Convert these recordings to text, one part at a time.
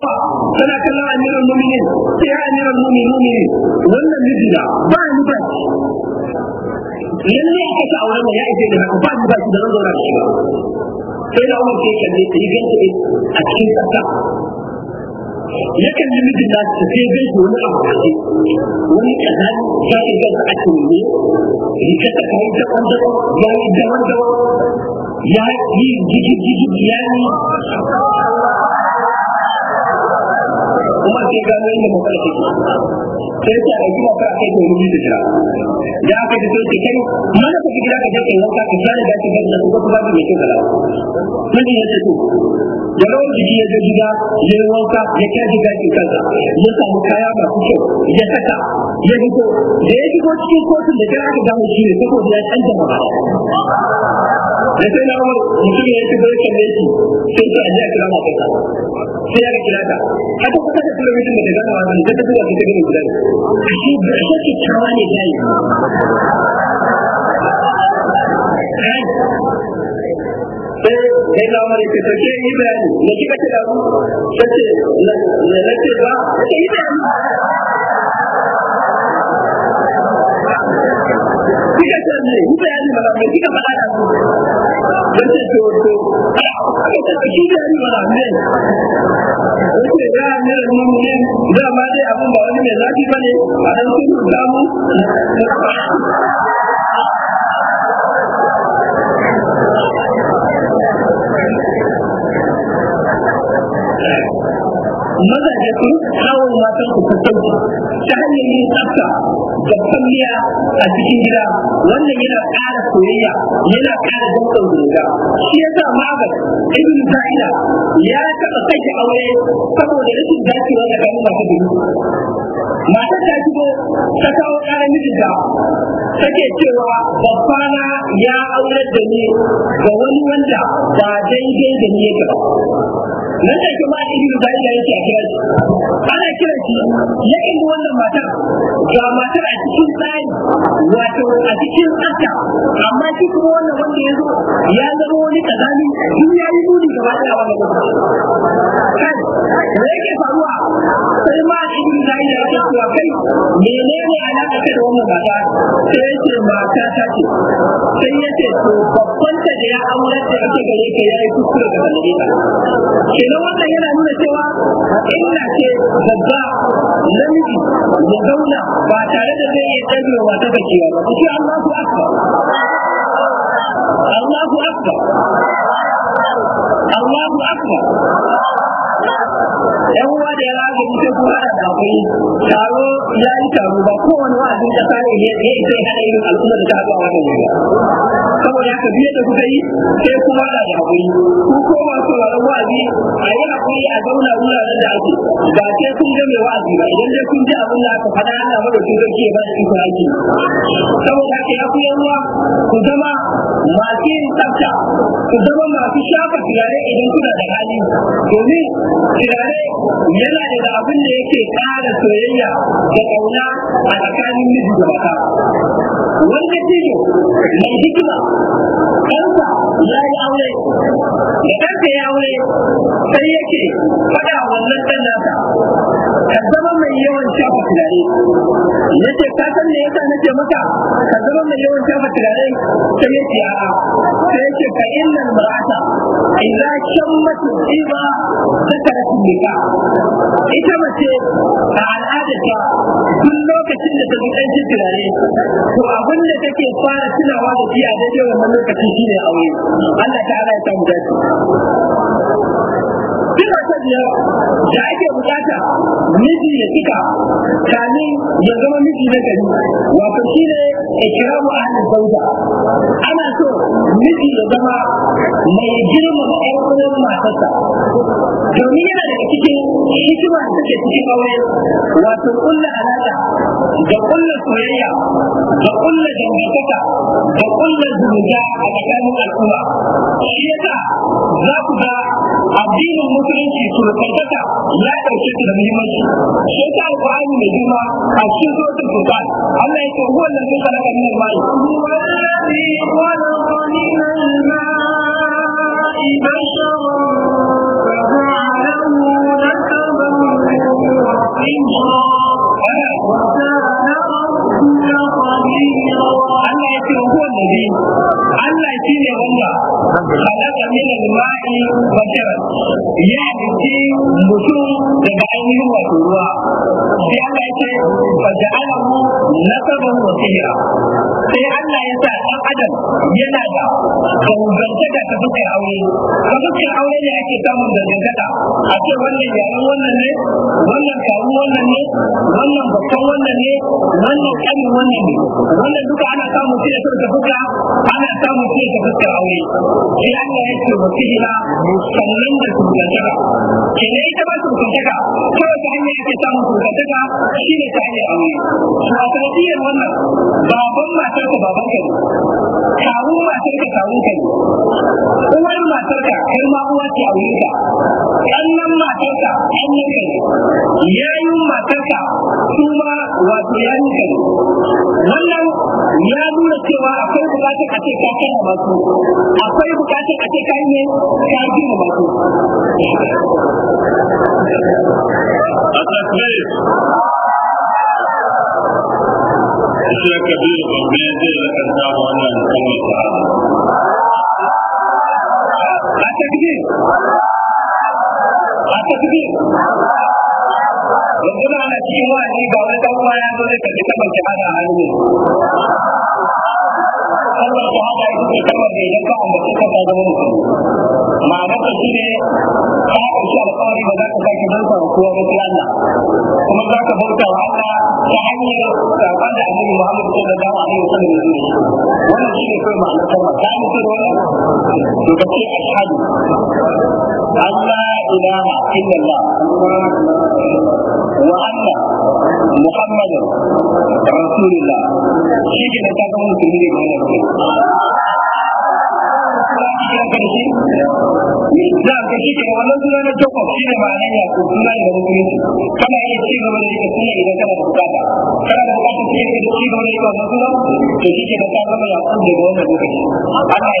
tana kallon amirar muminin sai ya amirar muminin wannan mijina ba ni ba lalle ya kashe auren ya ake da haka ba ni ba shi da nan zauna da shi ba sai da umar sai kalle ta yi ganta a cikin tsaka ya kalli mijin da su sai gan shi wani abu da shi wani kaza ya yi gan a tuni rika ta kai da wanda ya yi da wanda ya yi jiki jiki ya yi kuma sai gano inda mafal ke sai ta a yi maka kai ko rubi jira da aka ji sai mana ka gida ka je kai wanka ka share da kuma ba ki mun ji yace to da rawar jiki ya je gida ya yi wanka ya kai gida ki kanka ya kaya masu kyau ya saka ya fito da ya shigo cikin kotun ka kai aka gano shi ne saboda ya canza ba da sai na umar mutum ya shigo ya kalle shi sai ta ajiya kira mata sai ya kira ta haka ka. da talabijin da ta gama wani ta zuwa ta gani guda a shi da shi ke kyawa ne ta yi sai na wani ke sauke yi bayani na kika ce mu ta na ce ba ta yi bayani kika ce ne ku bayani mana me kika faɗa da su dan ce to to kika ce ki bayani mana ne kace ya ne mun ne da ma dai abun ba wani mai zafi bane a dan sun mazaje su kawo matan ku sassauci ta hanyar yin tsafta da kwalliya a cikin gida wannan yana ƙara soyayya yana ƙara dukkan zuwa shi ya sa magar ibn sa'ida ya taɓa sake aure saboda rashin dacewa da kanin masu gudu matar ta shigo ta kawo ƙarar mijinta take cewa babbana ya aurar da ni ga wani wanda ba daidai da ni yake nan da ke ma'a ibnu bayyana yake a kira shi ana kira shi ya inda wannan matar ga matar a cikin tsari wato a cikin tsafta amma shi kuma wannan wanda ya zo ya zama wani kazani in ya yi nuni gaba ɗaya wannan kan da yake faruwa sai ma da bayyana yake cewa kai menene alaƙa ta da wannan mata sai ya ce mata ta ce sai ya ce to babban ta da ya aure ta yake gare ka ya yi kuskure ga balare ta kenan wannan yana nuna cewa illa ce babba namiji ya zauna ba tare da zai iya ɗaure wa ta bakiya ba ku ce Allahu akbar Allahu akbar Allahu akbar yan uwa da ya raga cikin kuma da zafi taro ya yi taro ba kowane wa'azi da tsari ne ya isa ya haɗa irin al'umma da ta haɗu a wannan wuri saboda haka biye da kuka yi sai kuma da hakuri ku ko ba su wa wa'azi a yi hakuri a zauna wuraren da ake ba sai kun ga mai wa'azi ba idan dai kun ji abin da aka faɗa ba da ikon aiki saboda haka ya kuyan ruwa ku zama masu yin tsafta ku zama masu shafa turare idan kuna da hali domin turare yana da abin da yake ƙara soyayya da kauna a tsakanin miji da mata wanda cikin mai hikima ɗansa ya yi aure da ɗansa ya aure sai yake faɗa wannan ɗan nasa ka zama mai yawan shafa turare yace ka san me yasa nace maka ka zama mai yawan shafa turare sai yace a'a sai yace fa innal mar'ata idza shammat iba zakarat nika ita mace a al'adarta duk lokacin da ta ji ƙanshin turare to abin da take fara tunawa da shi a daidai wannan lokaci shine aure Allah ta'ala ya samu dace suna ta biyar da ake bukata miji ya cika kani ya zama miji na gari wato shi ne a ikiramu ahlin sauda ana so miji ya zama mai girma da ƴan uwan matarsa domin yana daga cikin hikima da take cikin aure wato kulla alaƙa da kulla soyayya da kulla dangantaka da kulla zumunta a tsakanin al'umma shi yasa za ku ga addinin mutum musulunci surukantaka ya ɗauke ta da muhimmanci shi ta alƙur'ani mai girma a cikin suratul furqan Allah ya ce huwa allazi khalaqa min al-ma'i huwa allazi khalaqa Allah ya ce ko nabi Allah shi ne wanda halaka min al-ma'i basharan ya dace mutum daga ainihin wato ruwa sai Allah ya ce faja'alahu nasaban wa sihra sai Allah ya sa dan adam yana da dangantaka ta fuskar aure ta fuskar aure ne ake samun dangantaka a ce wannan yaran wannan ne wannan karu wannan ne wannan babban wannan ne wannan kanin wannan ne wannan duka ana samun shi da ta fuska ana samun shi da fuska aure shi Allah ya ce wasu jira sannan da su gantaka ke ne ita ba su gantaka ta wata hanyar ake samun su gantaka shi ne ta hanyar aure a sanadiyar wannan baban matar ka baban ka ne kawun matar ka kawun ka ne uwar matar ka kai ma uwa ce a wurin ka sannan matar ka sannan ka ne yayin matar ka su ma wato yayin ka ne wannan ya nuna cewa akwai bukatar a ce ka kai ba su akwai bukatar a ce ka yi ka ji ba su Ishe Kabiru Bambi zai rikar samu wannan kalmar ta. A ta 另外，你搞的招牌都是搞的这么假的，安利。kalmar shahada ita ce kalmar da idan ka ambaci ka ta zama musulmi ma'anar ta shine ka amshi alƙawari ba za ka sake bauta wa kowa ba sai Allah kuma za ka bauta wa Allah ta hanyar karɓar da annabi Muhammad sallallahu alaihi wasallam ya zo wannan shine kai ma'anar kalmar ka amshi wannan to ka ce ashhadu Allah ilaha illallah wa anna muhammadin rasulullah shi na ta kama musulmi ne da ka shi ke wannan suna na jacob shi ne ma'anar ya ko suna da mutunci kana iya ci gaba da ita suna idan kana da bukata kana da bukata sai ka ci gaba da ita wannan suna to shi ke da ta ya ko daga wannan lokaci Allah ya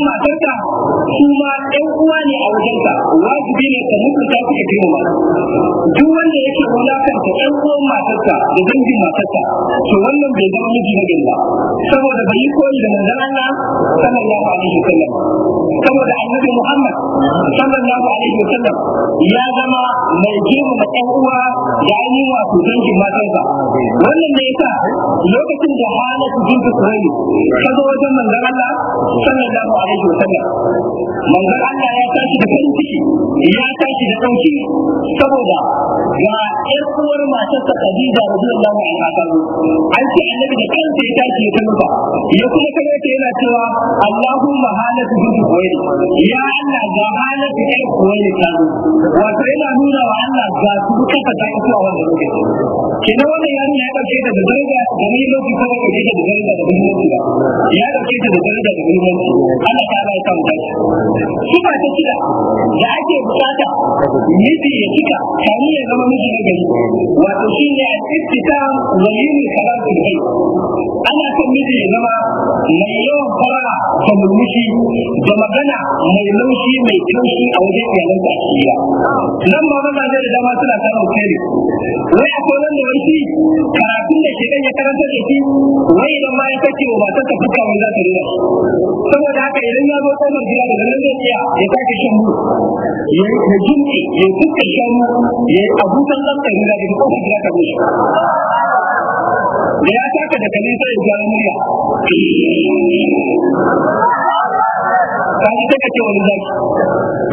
matarka su ma ɗan uwa ne a wajenka wajibi ne ka mutunta su ka girma duk wanda yake wulakanta ɗan uwan matarka da dangin matarka to wannan bai zama miji na gilla saboda bai yi koyi da manzon Allah sallallahu alaihi wasallam saboda annabi Muhammad sallallahu alaihi wasallam ya zama mai girma da ɗan uwa da ainihin wato dangin matarsa wannan ne yasa lokacin da Halatu bintu Suhaili ta zo wajen manzon Allah sallallahu alaihi wasallam manzon Allah ya tashi da farin ya tashi da dauki saboda ga ƴar uwar matar sa Khadija radiyallahu anha ta zo an ce annabi da kansa ya tashi ya kallo ya kuma kallo ta yana cewa Allahumma halatu bi kuwaili ya Allah ga halatu bi kuwaili ta zo wato yana nuna wa Allah ga su duka ta zuwa wannan lokaci kenan wannan yarinya ya dauke da daraja da ni lokaci dauke da daraja da muhimmanci ya dauke da daraja da muhimmanci Allah ta bai kan wani sifa ta shida da ake bukata miji ya cika kani ya zama miji na gari wato shine al-ittisam wa yin ana son miji ya zama mai yawan fara da murmushi da magana mai laushi mai taushi a wajen iyalan da shi ya nan ma maza da dama suna samun kare wai akwai wanda wai shi karatun da shi ya karanta da shi wai idan ma ya kace wa matar ta fuska wanda ta rina saboda haka idan ya zo kofar gida daga nan zai tsaya ya sake shan mu ya ya jinki ya fuska shan mu ya abukan tsantsan gida daga kofar gida ta rushe da ya taka da kalin sai ya murya kaji take ce wani zaki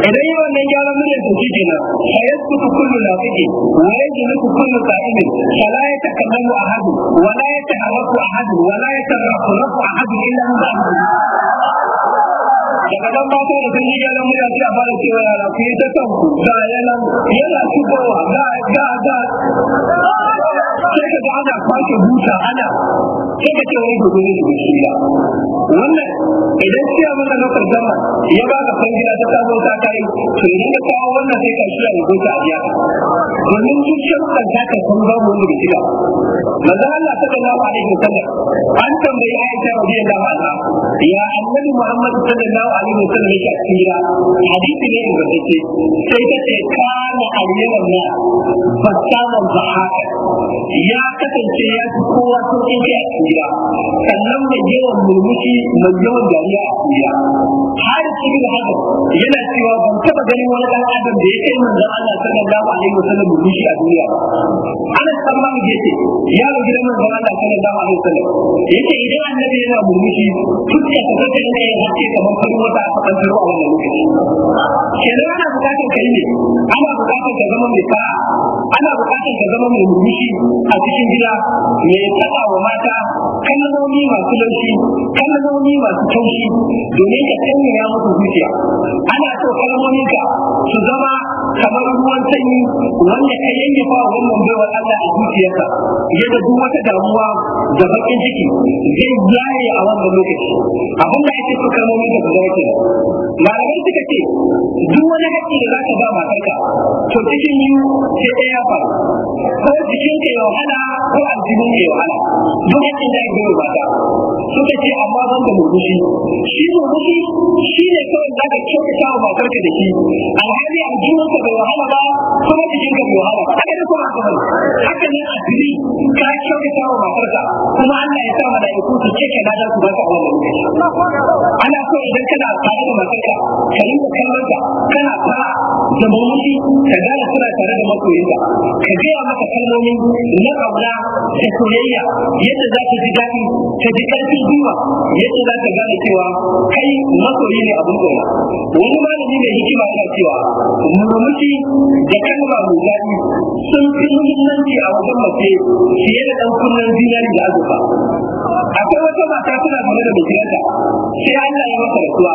idan yi wannan gyaran muryar to shi kenan fa yaskutu kullu nafiqi wa yajlisu kullu qa'imin fala taka ahadun wa la taka ahadun wa la yatarraku ahadun illa bi daga dan mata da sun yi yaran murya sai a fara cewa yara ku yi ta kanku ga yanan yana shigowa ga ga ga sai ka ga ana kwashe buta ana sai ka ce wani gobe da shi ya wannan idan ciya mana lokar gama ya ba ka san gida ta sabo ta kai to idan ka kawo wannan sai ka shi ya yi gota a jiya domin duk sharuɗan ta ka san babu wanda da shida maza Allah sallallahu alaihi wasallam an tambayi Aisha radiyallahu anha ya annabi Muhammad sallallahu alaihi wasallam yake tsira hadisi ne da yake sai ta ce kana aliyan na fasaman bahaka ya kasance ya fi kowa sun a kuriya sannan mai yawan murmushi mai yawan dariya a kuriya har cikin haka yana cewa ban taba ganin wani dan adam da ya min manzo Allah sallallahu alaihi wasallam murmushi a duniya ana sallan ce ya ga gidan manzo da sallallahu alaihi wasallam yace idan annabi yana murmushi fuskar ta take ne yake kamar farin wata a kan taro a wannan lokaci kenan ana bukatar kai ne ana bukatar ka zama mai sa'a ana bukatar ka zama mai murmushi a cikin gida mai tsada wa mata kalmomi masu laushi kalmomi masu taushi domin ka sanya musu zuciya ana so kalmomin ka su zama kamar ruwan sanyi wanda ka yayyafa wa wannan baiwa Allah a zuciyarka yadda duk wata damuwa da bakin ciki zai yaye a wannan lokaci abin da ake ka zama kenan malamai suka ce duk wani haƙƙi da za ka ba matarka to cikin yi sai ɗaya ya faru ko cikin ka ya wahala ko aljihun ka ya wahala duk haƙƙin da ya gudu mata suka ce da murmushi shi murmushi shi ne kawai za ka kyautata wa da shi alhali aljihunka bai wahala ba kuma bai wahala ba haka ne kuma haka ba haka ne a fili ka kyautata wa matarka kuma Allah ya sa mala'iku su cike na ba ka a wannan ana so idan kana tare da matarka ka rinka kallon ta kana fara da murmushi ka gane suna tare da masoyinka ka gaya maka kalmomi na ƙauna da soyayya yadda za ka ji daɗi ka ji ƙarfin gwiwa yadda za ka gane cewa kai masoyi ne abin koya wani malami mai hikima yana cewa murmushi da kalma mai daɗi sun fi muhimmanci a wajen mace fiye da ɗan kunnen zinari da azurfa akwai wata mata tana game da mijinta sai Allah ya masa rasuwa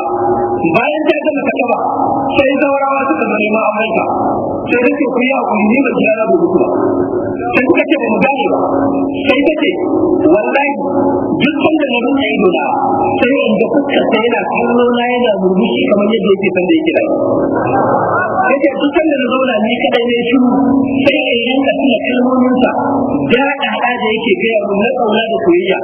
bayan ta gama ta gaba sai zaurawa suka zo neman amurka sai ta ce ku yi hakuri ne ba ki da mutuwa sai kuka ce ba mu gane ba sai ta ce wallahi duk wanda ne rufe yi na sai in ga fuskar ta yana kallo na yana murmushi kamar yadda yake san da yake da yake duk san da zauna ni kadai ne shiru sai in rinka tuna sa, da da da yake gaya mun na kauna da koyayya.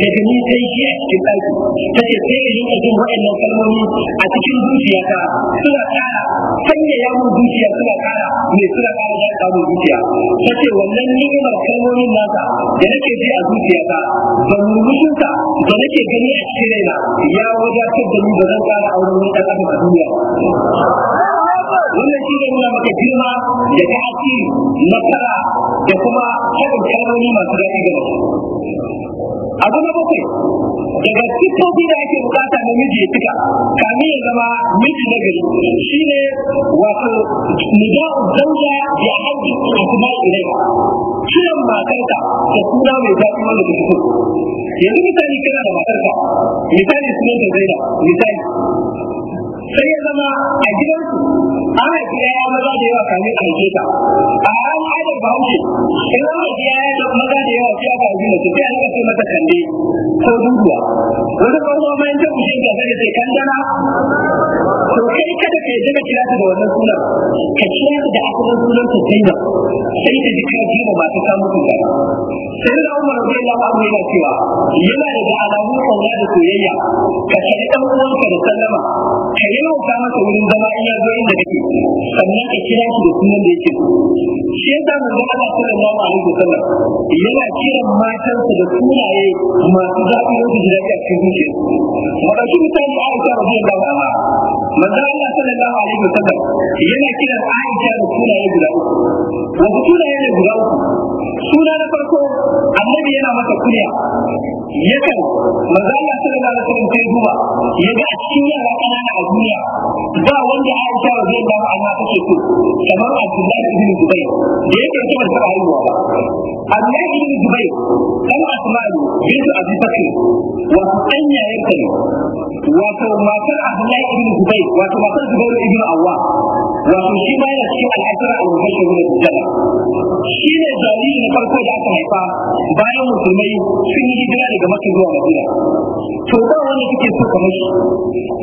daga ni sai shi a cikin ɗaki take sai in rinka jin waɗannan kalmomi a cikin zuciyata suna ƙara sanya yawon zuciya suna ƙara mai suna ƙara da samun zuciya take wannan ni'imar kalmomin nasa da nake ji a zuciyata da murmushinsa da nake gani a shi ne na ya wadatar da mu da zan ƙara auren wani ɗan a duniya wannan shi ne nuna maka girma da ta'asiri nasara da kuma shaɗin kalmomi masu daɗi ga mutum abu na bakwai daga siffofi da ake bukata na miji ya cika kamin ya zama miji na gari ne wato nida'u zauja ya haɗi a kuma ilai kiran matarka da suna mai zafi wanda ta fito yanzu misali kira da matarka misali sunan zai da, misali sai ya zama a gidansu ana ji ya maza da yawa kamin a ke ka? a ran hajar bahaushe in an ji ya maza da yawa sai aka yi mutum sai aka ce mata kande ko duduwa wani kwanwa ma yanzu ku shi gasa da sai kandana to kai kada ka yadda ka kira ta da wannan sunan ka kira ta da asalin sunan ta zaina sai ta ji ka ji ma masu samun kuka sai da umar sai ya ba mai cewa yana da alamun kauna da soyayya ka kira ɗan uwanka da sallama ka yi masa wurin zama in ya zo inda kake sannan a kira shi da sunan da yake shi yasa manzo Allah sallallahu alaihi wasallam yana da sunaye masu zafi da yake cikin zuciya shi Aisha radiyallahu anha manzo Allah sallallahu alaihi wasallam yana Aisha da sunaye guda uku sunaye ne guda uku suna na farko annabi yana masa kunya yakan manzo Allah sallallahu alaihi wasallam sai duba yaga a cikin yara kanana a duniya ba wanda Aisha radiyallahu anha take so kamar Abdullah ibn Zubayr da yake kiran sa haihuwa ba Abdullah ibn Zubayr dan Asma'u bintu Abi Bakr wato ɗanya yake wato matar Abdullah ibn Zubayr wato matar Zubayr ibn Awwa wato shi ba yana cikin al'asara a lokacin wani dujjal shi ne jariri na farko da aka haifa bayan musulmai sun yi hijira daga makka zuwa madina to ba wanda kake so kamar shi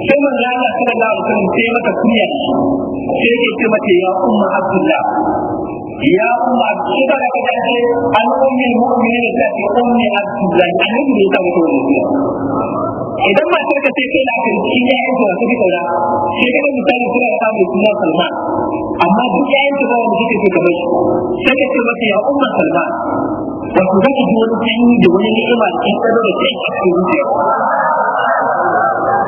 sai manzo Allah sallallahu alaihi wasallam sai mata kunya sai yake ce mata ya umma abdullah ya umma abdullah da kaje an ummi mu'minin da ta ummi abdullah annabi ne ta mutu wannan idan matar ka sai kai lafiya shi ya yi zuwa su kaura sai ka misali suna ya samu kuma salma amma duk ya yi zuwa wanda kake ka bai sai ka ce masa ya umma salma wato zaka ji wani sanyi da wani ni'ima da kin kado da kai a cikin zuciya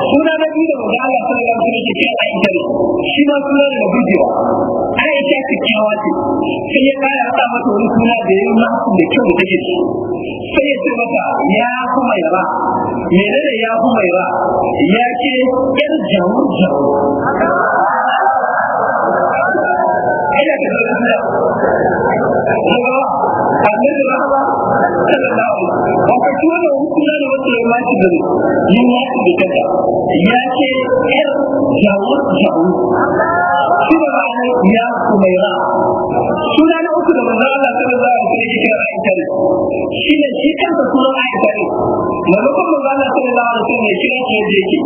suna na biyu da maza Allah sallallahu alaihi shi ma suna da gujewa Aisha kyakkyawa ce sai ya kara sa mata wani suna da yayi masu da kyau da take sai ya ce mata ya kuma yaba menene ya kuma ba ya ce yar jawo jawo ina da suna Allah sallallahu alaihi wasallam kana wata yammaci da yammaci da kanta ya ce yar jawo jawo shi da ma'ana ya kumaira suna na uku da manzan Allah ta da za'a kira shi kira Aisha ne shi ne shi kansa sunan Aisha ne maimakon manzan a ta da shi kira shi yadda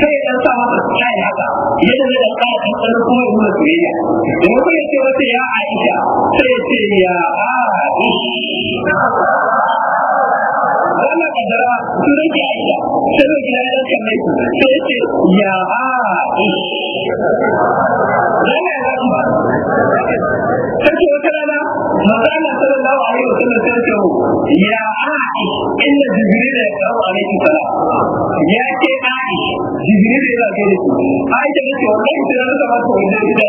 sai ya dan sa masa kayan haka yadda zai dan kara kankan kuma ya nuna soyayya maimakon ya ce wata ya Aisha sai ya ce ya Aisha ana kadara sun rage aisha sai mai gida ya kan sai ya ce ya aisha sai wata rana magana sallallahu alaihi wa sallam sai ce ya aisha ya ya ya da wannan ita na zama wanda gida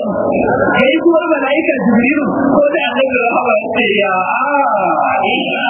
ya yi kuma ko da annabi rahama ya ya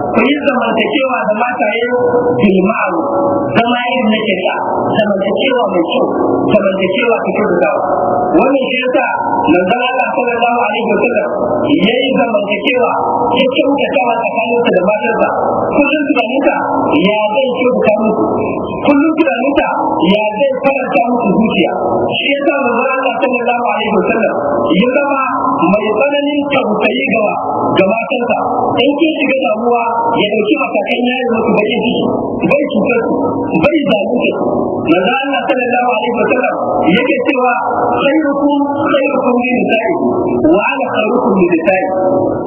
zamantakewa da mataye bilma'u zama irin na Zamanta cewa mai kyau cewa ta kyau da wannan shi yasa manzon Allah sallallahu alaihi wasallam yayi zamantakewa ya kyautatawa tsakaninsa da matarsa kullum tunaninka ya zai kyautata musu kullum ya zai faranta musu zuciya shi ya sa tana Allah a alaihi wasallam ya zama mai tsananin tausayi ga ga matansa in kin shiga damuwa ya dauki matakan yayin musu bakin ciki bai cutar su bai zalunce manzon Allah sallallahu alaihi wasallam yake cewa khairukum khairukum min nisa'i wa ana khairukum min nisa'i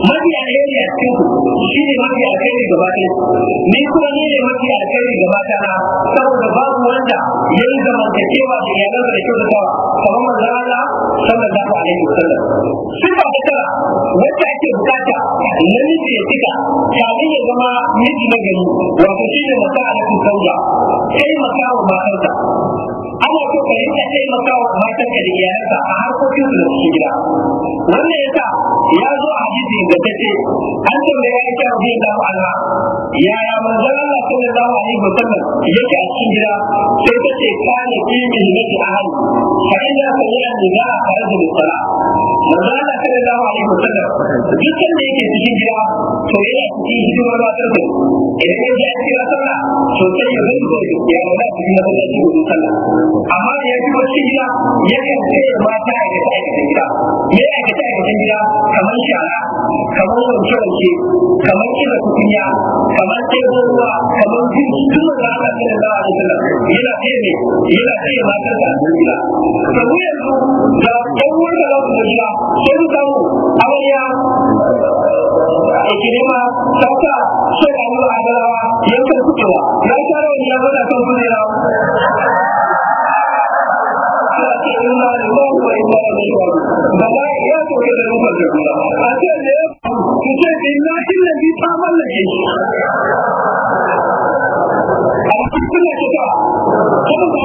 mafi alheri a cikin ku shi ne mafi alheri gaba ɗaya ni kuma ni ne mafi alheri gaba ɗaya saboda babu wanda da ya yi zamantakewa da iyalansa da kyautatawa kamar manzon Allah sallallahu alaihi wasallam sifa ta tara wacce ake bukata namiji ya cika kafin ya zama miji na gari wato shi ne masa'alatu sauya kai makawa matarsa ana so ka rinka taimakawa matan ka da iyalanka a harkokin da cikin gida wannan yasa ya zo a hadisi da ta ce an tambaya Aisha radiyallahu anha yaya manzon Allah sallallahu alaihi wasallam yake a cikin gida sai ta ce kana fi mihnati ahli fa inna sami'a nida kharaja bi sala manzon Allah sallallahu alaihi wasallam dukkan da yake cikin gida to yana cikin hidimar matar da idan ya ji a cikin sallah sai ya zo ya wada cikin masallaci gudu amma da ya fito cikin gida ya kan sai ya mata a gata a gata gida me ya gata a gata gida kamar shara kamar wanke wanke kamar kira tukunya kamar tebo ruwa kamar jin duk da aka ce da zawa da yana sai ne yana sai ya mata da gida to yanzu da ɗan wurin da za ku gida sai mu samu amarya ikirima sauka sai a yi wa adalawa yankan kucewa ya tara wani ya zana kan kujera da kuma da kuma a ce ne ku ce billahi ne bi ta mallake shi a cikin da ta kuma da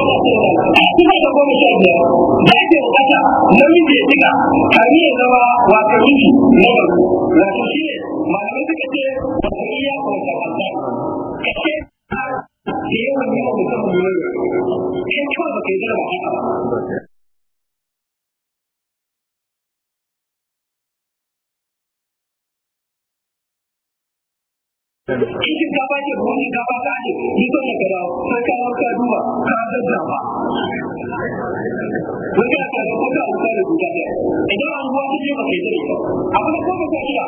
kuma da goma sha biyar da ake bukata nauyin da ya diga kari ya zama wata yini na yau wato shi ne malamai suka ce wata iya kwanta kwanta ka ce da yawan yawan mutum yau ya ce ba ka yi zama haka in shinkafa ce ko shinkafa ta ce ni ko ne kada sai ka hauka duba ka zazzafa wanda ya ta ko ka hauka da guda ne idan an ruwa ce ba kai dai abu da kuma ta kila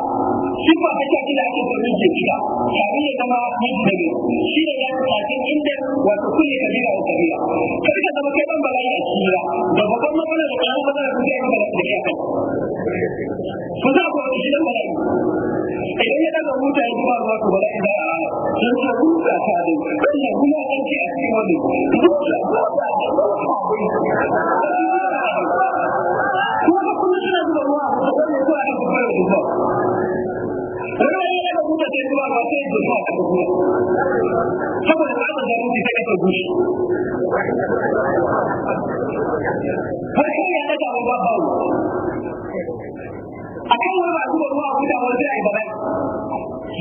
shi ba kila da miji kila sai ya zama miji da shi ne ya ta ce inda wato kullu kabila wa kabila kada ka zama kai dan bala'i a cikin gida da babban matsalar da kuma matsalar da kuma da kai ku za ku shi dan bala'i 这个也那个五百多万，出来一个啊，真是五百块的，可是那姑娘很便宜我的，都舍不得的，都抢回去。我说不能这样子做啊，我赶紧过来跟朋友说。我又来一个五百多万，我这一次赚太多了。他们拿着钱都去参加这个游戏，很可怜的讲一句话。a wani masu da ruwa guda wani zai ba bai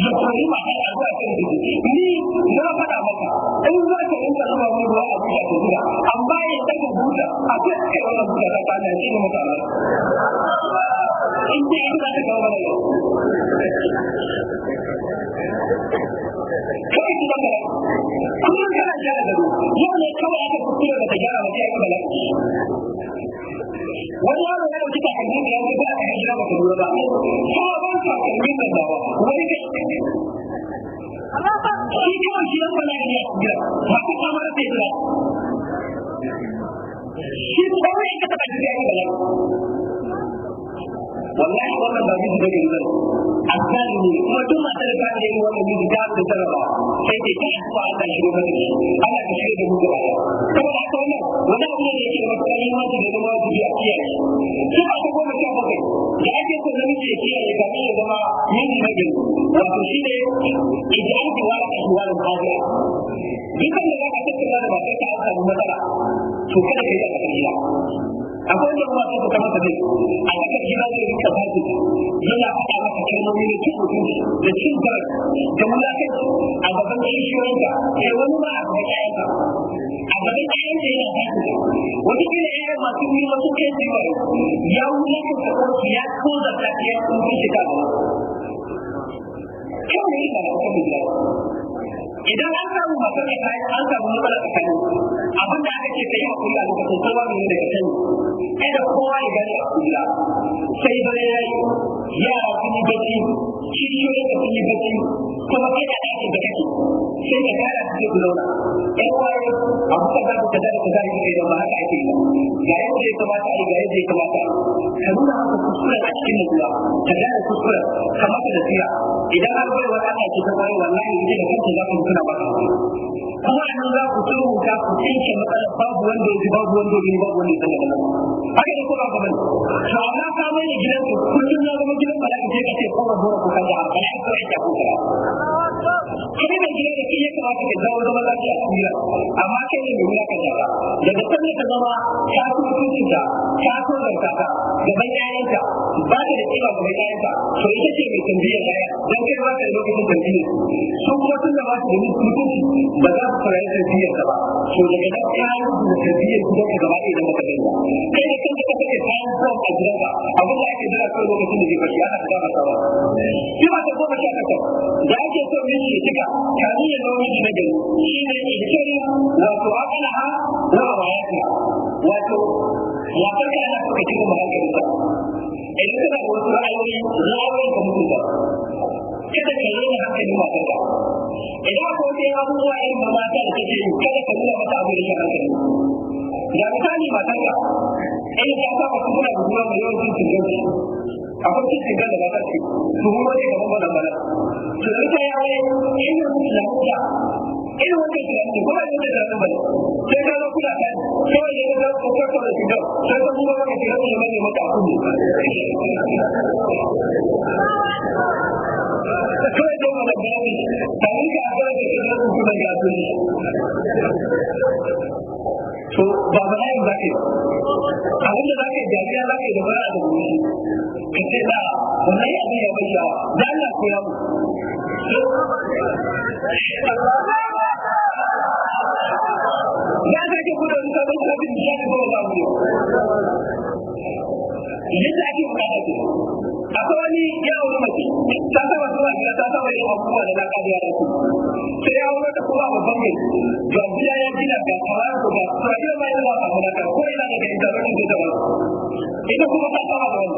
ya koyi ma kan azuwa kan ni na faɗa maka in za ka inda zuwa wani ruwa a guda ko guda amma ya saka guda a kan wannan ta ta ne shi ne in dai ina ta kawo wannan kawai ki zaka kullum kana gyara yau ne kawai aka ta gyara ba ta wani yaro ya dauki takalmin da ya fito a kan gida ba ta lura ba kuma ban takalmin nan ba wani ne shi kawai shi yan bala'i ne a gida ba ku samar da ita shi kawai ya taɓa gida ya bala'i wallahi wannan ba miji bane zan asali ne kuma duk matar da ta yi wannan miji ta da sarrafa sai ce kai ko Allah shi ne miji Allah ka shirya da mu gaba saboda haka wannan wani abu ne da yake da matuƙar muhimmanci da zama wajibi a kiyaye shi a cikin goma sha bakwai da ake son namiji ya kiyaye kafin ya zama miji bane wato shi ne idan ki wala ka shi wala ka ga dukkan da za ka tattauna da matar ka an samu matsala to kada ka yi a cikin gida akwai da kuma su kamar da a cikin gida zai rika zaki yana faɗa maka kalmomi ne cin mutunci da cin karar da wulakanci a gaban kishiyoyinka sai wani ma a gaban ƴaƴanka a gaban ƴaƴanka yana zaki wani kila ƴaƴan masu yi wasu kai zai bari ya wulakanta kwanci ya tozar ta ya kuma shiga gaba. Kyau ne ina da wata idan an samu masu da kayan an samu matsala da kayan abin da aka ce ta yi a kula da kasan kowa ne da kasan kada kowa ya gani a kula sai bayan ya yi yara sun yi bacci kishiyoyin da sun yi bacci kuma kai da ɗakin da kake sai ka gara su ke gudanar ɗan kwaye abu kaza da kaza da da ba haka ake yi kamata a yi kamata ka nuna kuskure a cikin mutuwa ka gane kuskure ka da tsira idan har bai wata ana ce ta kwarai wallahi ita da kanta za ka mutuna ba kuma nan za ku turhuta ku tsinke matsalar babu wanda ya babu wanda ya ji babu wanda ya san daga nan haka ne ko ba gaban to amma ka mai da gidan ku kullum na zama gidan malaka sai ka ce ko ba bora ko ka ji amma ai ko ta ko kira ina mai gidan da kike kama ka dawo zama lafiya a gidan amma kai ne mai wulaka da ka daga sannan ka zama ka ku kuncin ka ka ko garka ka gaban yayanka ba ka da kima gaban yayanka to ita ce mai tambayar yaya dan kai ba ka da lokacin tambayar su kuma tun da ba su da mutunci ba za ka ta tarbiyyar da ba so daga nan ka rubuta tarbiyyar gidan ta gaba da maka dinga kai da kanka ka kake kayan zuwa a gidan ka abin da ake jira kawai lokacin da zai ana ta gama sawa shi ma ta goma sha ta da ake so min shi shiga kamin ya zama miji na gari shi ne ilkari wato akala ha na rawayati wato matar ka ana so ka cika magangarin ka idan kana wasu ra'ayoyi ra'ayoyin ka mutunta kada ka rena hankalin matar ka idan akwai wata abubuwa irin na mata da take yi kada ka nuna mata abu da hankali da misali matar ka in ta saba suna gudunar da yawan cikin yanki akwai cikin da ba ta ce su kuma ne gaban wannan bala to ta yi aure irin wannan k a r a o ba y n t u sai k o kula kan a e ka o da i u ne m m t u d k don wani b a y ta a da s i g to da z a m i a da b a a da ce i a n ya bai s h a l a u y a m Allah ake gudu sabon sabon ya ci kuma zamu yadda ake bukata ce akwai wani yawo na mace ta saba zuwa gida ta saba yin abubuwa da za ka biya da su sai ya wuri da kuma babban mai ga biya ya gina ga kamar ku ga ba gina ba ya zuwa kamar ka ko ina da ga inda wani zai zama ita kuma ta saba da wani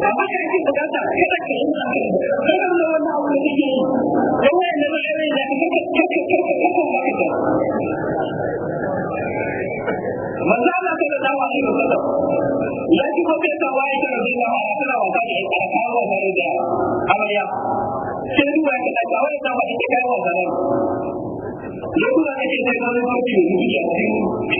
amma kana jin bukata kada ka yi kada ka wani abu da kake yi dan wani da mai rai da kake kake kake kake kake manzo Allah sallallahu alaihi wasallam ya ji ko kai tawaye ta rabbi na haya kana wasa da ita ka wasa da amarya sai duba ka ta tawaye ta wasa da kai wasa da lokacin da kake da kake da kake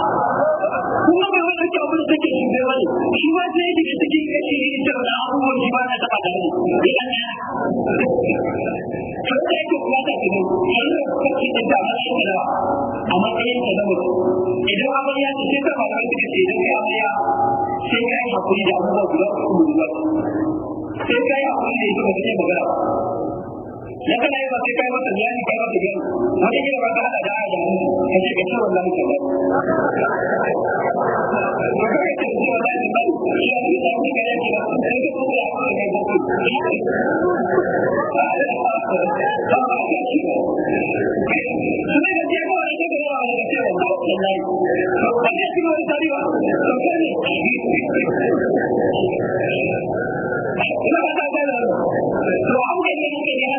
suke shige bane shi ma sai cikin kashi ne da wani abubuwan shi ba na taba da mu idan ya to sai ku kuma ta kino shi ne kake da da shi da a matsayin ka idan ya ce ka ba da kake da ya ya sai kai hakuri da abubuwa guda uku ne sai kai hakuri da ita ba ta magana na kana yi sai kai masa bayani kai masa bayani wata kila ba ka hada da aya da ka ce ka ce wallahi ka ba ba ka ce ka ce wallahi ba shi ne da ni ga yake ba sai ka ce ya ce ne ba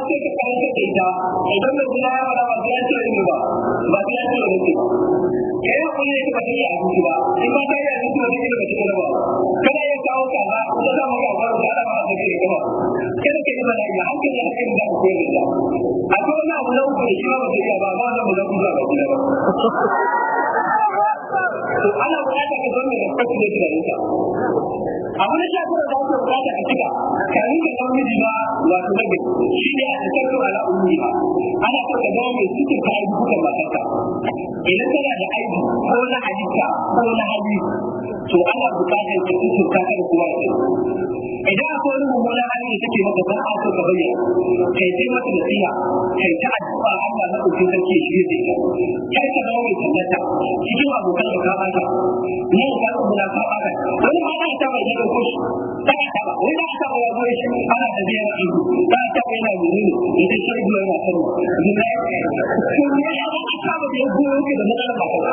Thank you. kai kake ta idan da kuma ya fada ba sai an cire ni ba ba sai an cire ni ba kai ya kuma yake ba sai ya ci ba in ba ta ya ci ba sai ba ci ba kada ya kawo ka ba ko da mu ya fara da Allah ba sai ya kuma kada ke ba da ya hankali da hankali da ke da akwai wani abu da ku shi ba sai ya ba ba wannan ba da ku ba ba to ana buƙatar ka zama da kashi da a na shafura da za ta bukata a cika ka rinka kawai ji ba wato na gidi shi ne a cikin su ala umuri ba ana so ka mai cikin kayan bukan matarka idan tana da aiki ko na halitta ko na hali to ana bukatar ka yi cuta kada kowa ya idan akwai wani mummunan hali da take maka ba a so ka bayyana kai sai mata nasiha kai ta addu'a Allah na kusin sarki shi ne kai ka dawo mai sallata cikin abokan da ka bata ne ka kuma ka bata wani ma ana ta bai da kushi ta ta ba wani ma ta bai da shi ana da biyan ido ta ta bai da mini idan shi ne yana kan ne ko ne ya ta ba da gobe da matsalar ba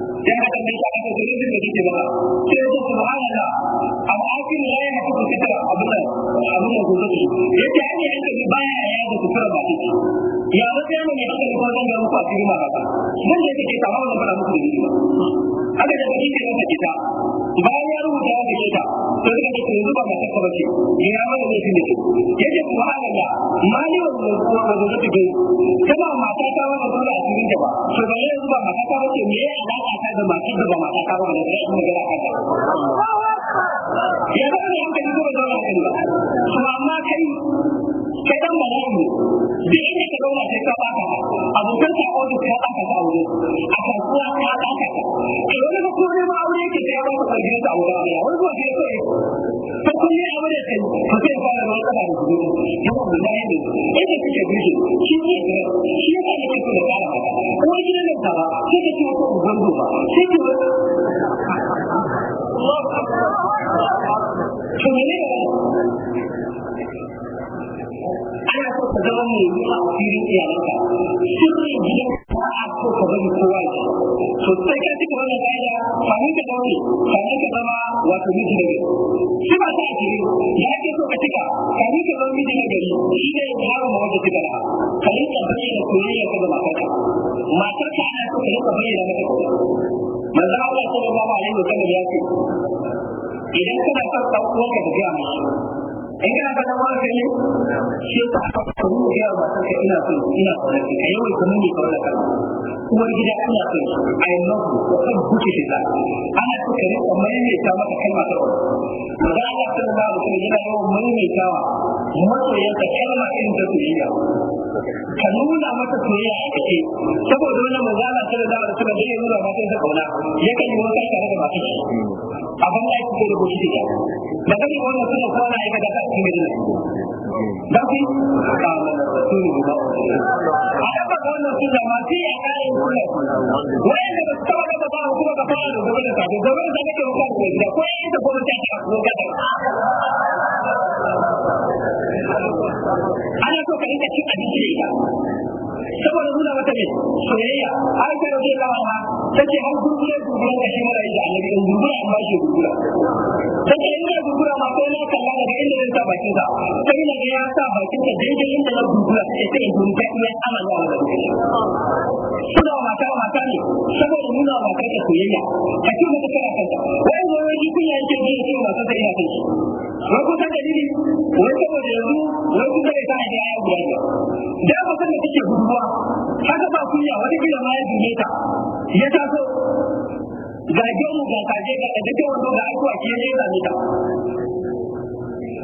yana da mai kaɗa da zai da kike ba sai ya ce subhanallah al'akin la ya haɗu da abin da abin da gobe yake hanyar baya ya da kusura ba ya wata yamma ne aka rufa zan ga muku a cikin marasa zan da take sama wannan fara muku da ba aka da kike nan take ta bayan ya rubuta ya take ta to da kike yanzu ba mata ba ce ina ma ne shi ne yace subhanallah mali wannan kuma ba zai take kana mata ta wannan dole a cikin ta ba to da yanzu ba mata ta bace me ya alaka ta da mata da ba mata ta ba da shi ne da haka ya zama ne hankali ko ba zama ba to amma kai ka san ba za su da inda ka zauna sai ka baka abokan ka ofis ka baka ta aure a kasuwa ka baka ta to wani ba ko ne ma aure ke da ba ka karbi ta aure ne wani ba ke so to kun ne aure kai ka sai fara ba ka da gudu to ba da ne inda kike gudu shi ne shi ne ka ke da fara ko shi ne da ba sai ka ci ko ban ba sai ki Allah Akbar. ana so ka zama mai yi a filin iyalanka sirrin gidan ba a so ka bari kowa ya to sai ka cika wannan ka'ida kamin ka zama kamin ka zama wato miji da gari shi ba ta ake da ake so ka cika kamin ka zama miji da gari shi ne ya yaro ma wanda cika da ka rinka bayyana soyayya ka ga matarka matarka ana so ka rinka bayyana mata kauna manzo Allah sallallahu alaihi wasallam ya ce idan kana son ɗan uwanka ka gaya mishi in kana fata wani ka yi shi ta haka ka zo ya ba ta ka ina so ina so ka yawan ka muni ka wadaka kuma gida ina so yi love you ko kan buke shi da ana so ka rika maimaita maka kalma ta wani maza Allah sallallahu alaihi wasallam yana yawan maimaita wa masoyanka kalma irin ta soyayya ka nuna masa soyayya a kake saboda wannan maza Allah sallallahu alaihi wasallam yana nuna masa ta kauna yakan yi wata tare da matan shi abin da ake da goshi da kake wannan suna kwana aika da shi ne da shi kamar rasul guda a daga su da masu ya kare kula wayan da ba ba da da nake da ko ta ki ku ga ana so ka saboda nuna mata ne soyayya ai ta rage da wata take har gurgure gurgure da shi mara yi da annabi in gurgure amma shi gurgura take in ga gurgura ma sai na kalla daga inda zan sa bakin sa sai na ga ya sa bakin sa daidai inda na gurgura sai sai in gurgura ya amana da shi suna mata mata ne saboda nuna mata ka soyayya ka ce mata kana kanta wai wai wai kun yi ji mata ta ina kanki wai kun san dalili wai saboda yanzu wai kun san ta haifi ayyuka guda ne da ba san da take guduwa haka ba kunya wani kila ma ya ta ya taso ga gemu ga kaje ga da take wando ga aikuwa ne ya same ta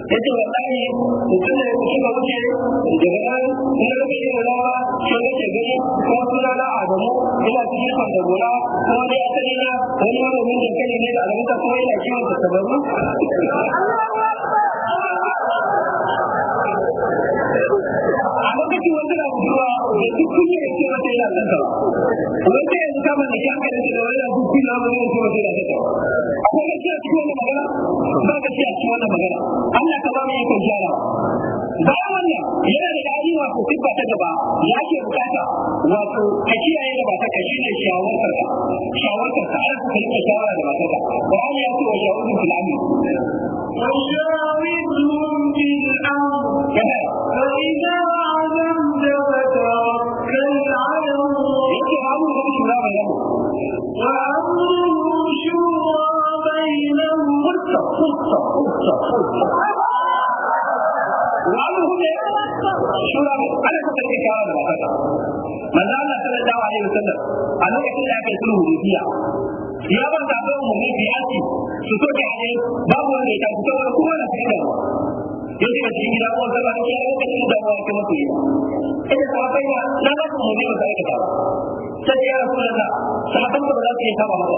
yace wallahi mutum da yake ba wuce daga nan ina rage yin rawa sai nake gani ko suna na adamu ina cikin kwanta gora kuma a lokacin wanda na fitowa da duk ta wannan cikin wannan cikin wannan yana da bukata wato ka kiyaye da mata ka shine shawartar ka shawartar ka ka ya فإذا عزمت فتوكل على الله وأمره شورى بينهم فرصة فرصة فرصة فرصة وعنه شورى أنا كنت في كلام هذا من الله صلى الله عليه وسلم أنا كنت لا أكل هدية ya bar da ga mu ne biyasi su soke a ne babu wanda ya tafi saboda kowa na fitar yau da shi gida ko zama da ya ga shi da wani kuma yi ina sahabbai na na ba su mutum da aikata sai ya rasu da sahabban ba za su yi saba masa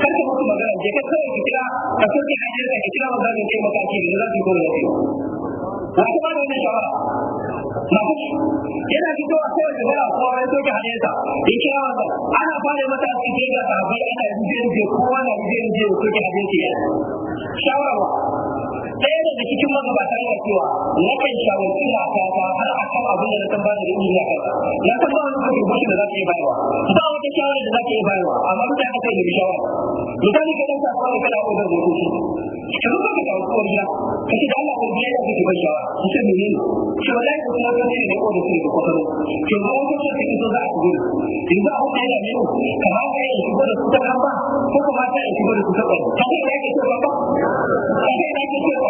kar ka mutu magana je ka kawai ki kira ka soke hanyar ka kira wanda zai kai maka ki da za su yi ko da kai wata ba da wani shawara makuci yana fitowa kawai da gara kowa ya soke hanyar sa in kira wanda ana fara mata a cikin da sahabbai ana yi zai je kowa na yi zai je ya soke hanyar ki shawara ɗaya daga cikin magabata yana na kan shawarci matata har a kan abin da na san ba da ilimi a kansa na san ba wani contribution da za ta iya bayarwa ba wata shawara da za ta iya bayarwa amma duk da aka kai nemi shawara misali ka ɗauka kawai kana odar motoci ka zo ka ga kawai ka ce da Allah wani gida da kake ban shawara ka ce mene ne ce wallahi ko kuma ka ne da odar sai ce ba wani kawai kake so za a shigo da yanzu abin da yana nemo kamata ya shigo da su ta kan ba ko kamata ya shigo da su ta kan ka ce da ake so ba ka ce da ake so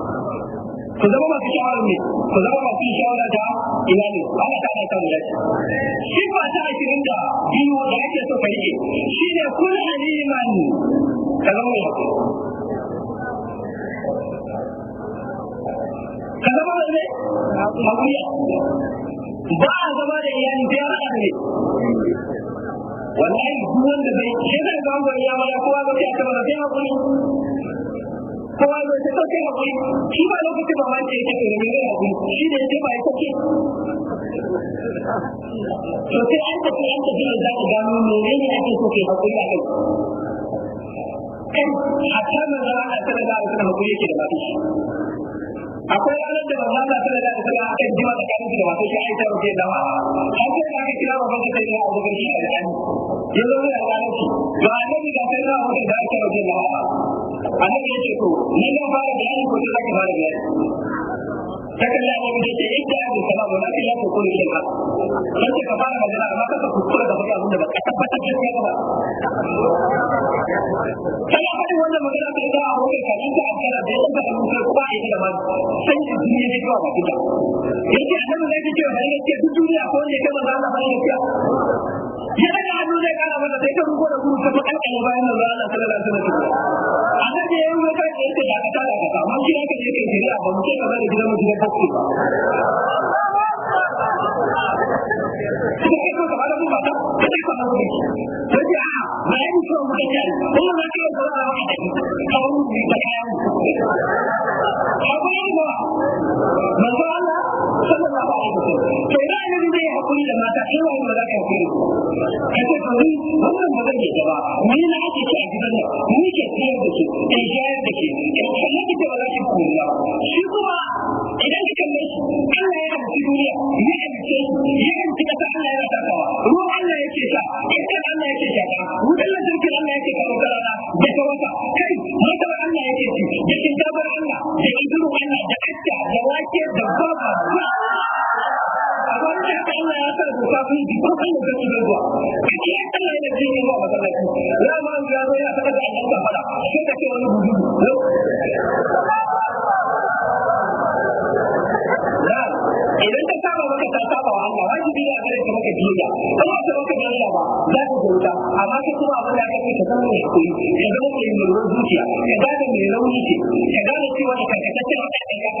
ku zama masu shawara ne ku zama masu shawara da ina ne Allah ta ta mu dace sifa ta 20 da biyu da yake so ka yi shine kun haliman ka zama ka zama ne hakuriya ba a zama da iyali sai an ne wallahi duk wanda bai yana ga wani ya kowa ba sai a kama sai hakuri kowa zo ta sauke hakuri shi ba lokacin ba wanda ya take da mai hakuri shi ne yake ba ya take to sai an tafi an tafi da zaka gano ne ake so kai hakuri a kai kan hatta manzo Allah sallallahu alaihi wasallam hakuri yake da bashi akwai ranar da manzon Allah sallallahu alaihi wasallam aka jima tsakanin shi da wato shi Aisha radiyallahu anha har sai da aka kira babban sai ya Abu Bakar shi al-Ali ya zo ya gano shi ga annabi da sai na Abu Bakar Aisha radiyallahu anha annabi ya ce to ni na fara bayani ko sai ka fara bayani لكن لا يقول لك انت اهل الكلام ولكن لا تقول اليك انت كفاره مجنى ما كتب كل ده بقى هنا بقى كتبت لك يا بابا فلا بد ولا مجنى ترجع هو كان انت اكل ده انت كنت باي كده ما سيد الدنيا دي كده كده انت انا لا تجي ولا تجي الدنيا كلها كده ما انا بقول لك ya daga hannu zai kara mata sai ta ruko da guru ta fakan kan bayan da Allah sallallahu alaihi wasallam annabi ya ruwa ka ce ta daga ta daga amma shi aka ne ke jira ba mu ce ka bari gidan mu gidan haske ba ka ba ba ba ba ba Allah sallallahu alaihi wasallam to da wani ka a kuma akwai wanda haka Allah ya sa su safi ji ko kan da kake zuwa kace ya Allah ya ji ne ba masallaci ya ma ya zo ya saka da Allah fara sai ka ce wani gudu idan ka saba maka ka saba wa Allah wajibi ne a gare ka maka biyayya kuma ka maka biyayya ba za ka kyauta amma kai kuma abin da kake ka zama mai koyi ka zama mai lura zuciya ka gane mai rauni ce ka gane cewa da karkataccen hakan ka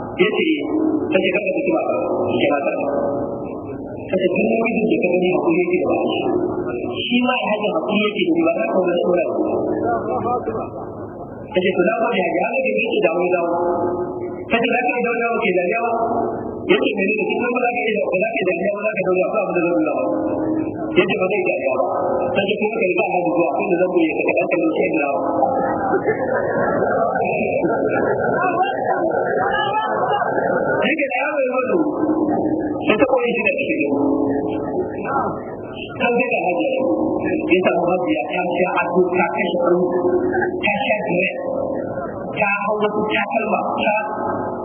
yace s a y a ka ga t u m a ya mata sai kuma wani da kaga i ne hakuri yake da wani shi ma ya haje hakuri yake da wani ko da sauran sai ku da wani ya ga da yake da wani dawo sai da ka da dawo ke da yawa i yake ne da kuma da ke da da ke da yawa da da ko abu da da jauh. yace ba zai dariya ba sai da kuma kai ba na zuwa kun da zan yi ka kanta mun kenan yake da yawo yawo sai ta koyi shi da shi kan da haji ya samu haji ya kashe addu ka kashe ta kashe ta hau wasu takalma ta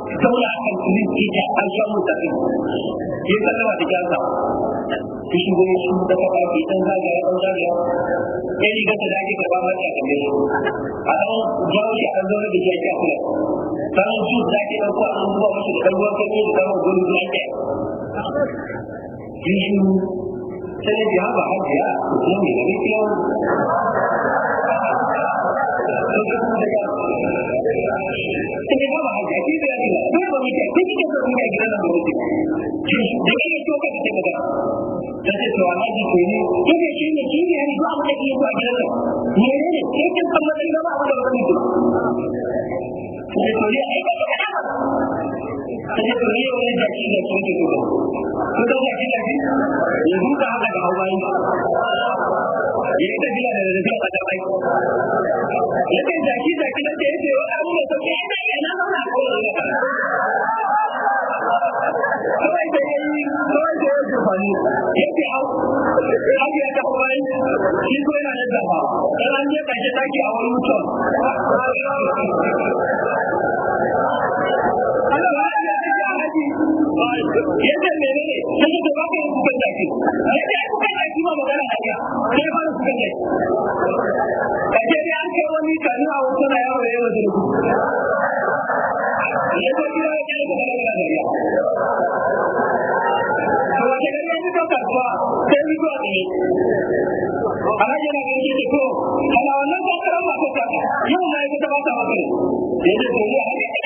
saboda haka ne ita an sha mu tafi ya sallama da jansa ki shigo ya shi da kafa ki dan zaga ya dan zaga ya riga ta dage da ba ma ta kalle a dan jawo shi an zo da shi ya kula dan su da ke an zuba mishi da ruwan kai da dawo gudu da ke ki shi sai ya ba hajiya kuma ne ne sai ba ba haka shi da yake ko ba mu ce shi ke so mu ga gidan mu ce da ke to ka ce ba da ce to amma ji ko ne to ke shi ne shi ne ko abu da ke so a gidan ne ne ne ke kan kamar da ba abu da ba ne to ne ai ka sai ka yi wani jaki da sun ke gudu ku ta jaki jaki ya huta haka da hawaii ya yi tafiya da da zuwa da bai kai jaki jaki da ta yi wani abu mai sauƙi ya yi na zauna a kowane ya fara kawai da ya yi kawai da ya yi jefani ya hau abu ya ta hawaii shi ko yana da zaba ɗan an je ƙarshe taki a wani mutum Allah yadda mene ne sai da ba ka kukan daki yadda ya kukan daki ba magana na ya sai ba kukan daki kace dai an kai wani kanu a wata na yawo yawa da ku yadda kira ya kai kukan daki wata gari ya fito kasuwa sai fito a tsaye alhaji na gari ke ko ana wannan kasuwar masu kasa yau ma ya fita ba ta masu ne yadda ko ya haka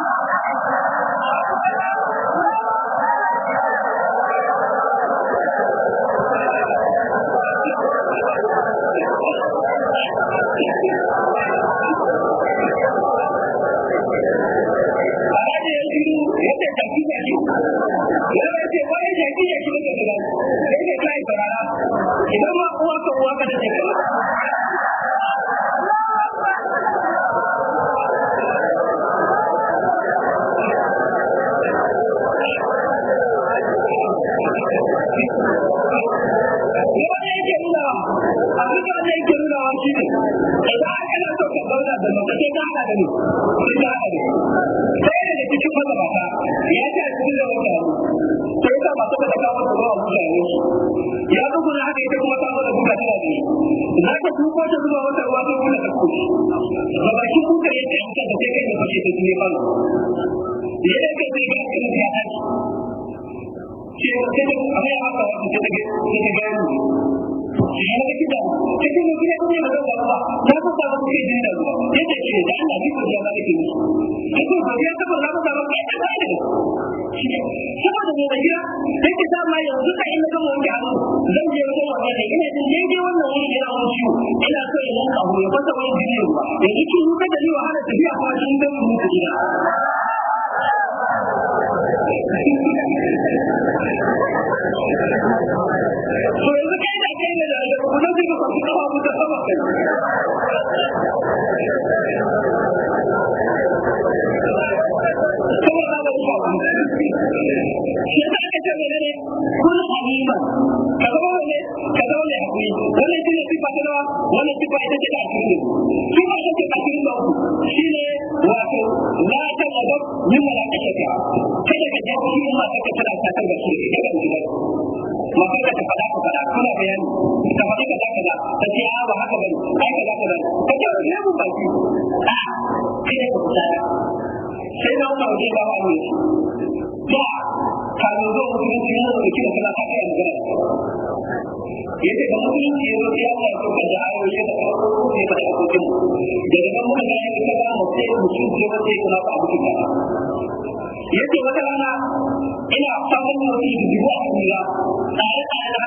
idan ma uwa ka uwa ka ke abin da yake wa shi ne aka so ka da da ni ba a h i kuka yake a kan da k i kai da kake da n g ba a yake da ya kai da ya kai cewa s a da a m a ya haka wata ta da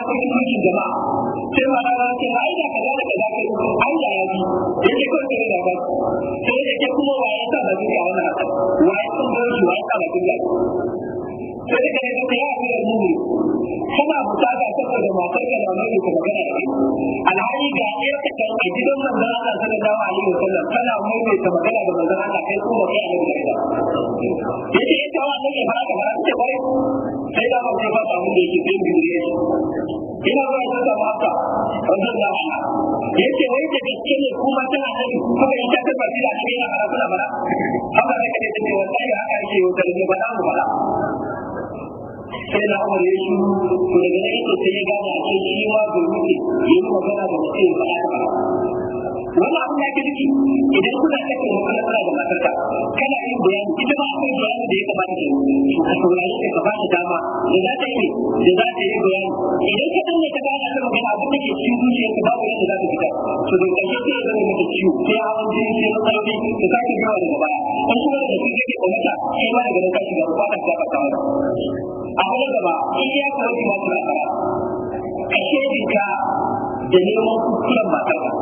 不是不行的嘛？先把那个先把一点海带给他吃，海带要吃，人家过去就来吃。所以人家锅巴也上来了，是不是？碗都都是碗上来的，是不是？所以讲一个平安的生意。kana bukata saboda matar da mai ka magana da kai alhali ga ɗaya ka kan a gidan manzon Allah sallallahu alaihi wasallam kana mai mai magana da manzon Allah kai ko ba kai da kai yace ita wa annabi ba ka ba ce bare sai da mai ba ta mun da yake bin duniya ina ba ta da mata wannan da Allah yace wai da gaske ne kuma tana da kuma ita ta fara da kai na fara fara haka da kake da wannan haka yake wata ne ba da mu ba sai na umar ya shi to daga nan yake sai ya gane a ce shi ma bai wuce yi magana da mutum ba ya wannan abin da ake nufi idan kuna saka magana kana da matarka kana yin bayani ita ma akwai bayani da ya kamata ta yi a saurare ka ba ta dama da za ta yi da za ta yi bayani idan ka danne ta gana ta magana abin da ke cikin zuciyarka babu yadda za ta fita to da ƙarshe sai ya zama mata ciwo sai hawan jini sai matsaloli da za ta biyo daga baya in kuma da mutum yake ƙaunata sai ma daga nan ka shiga ba ta gaba ta mata abu na gaba iyaka wani ma ta ƙashe jinka da neman kukulan matarka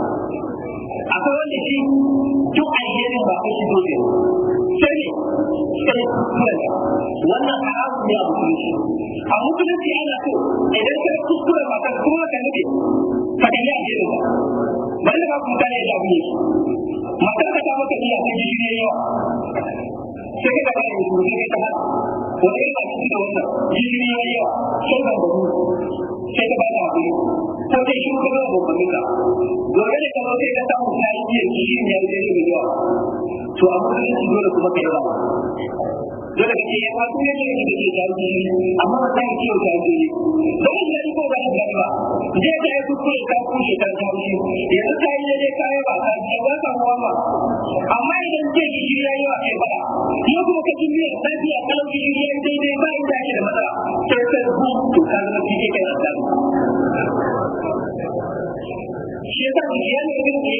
akwai wanda shi duk alheri ba ko shi dole sai ne sai kuskure wannan haramu ne a musulunci a musulunci ana so idan ka kuskure ba ka kuma ka nufi ka kalli alheri ba bari da ba ku mutane da abu ne matar ka ta maka biya sai gishiri yawa 这个小孩有什么这个小我那个小孩最多的是急性腰腰，胸疼，全身发冷，呼吸休克都不可名我原来看到这个上午拍片，七厘米六厘米多，做核磁共振了什么病了？dole ka ya fato ya ce ne ke jari amma ba ta ciwo ta ce dole ka ko ba ka ba je ka yi kuskure ka kushe ta ta shi yanzu ka yi dai ka yi ba ka ji ba ka ruwa ba amma idan ce ki shi yayi wa kai ba ya kuma ka ji ne sai ya kalau ki shi yayi ba inda ke da matsala sai ka ku to ka ga ki kai da shi yasa mu ya ne bin da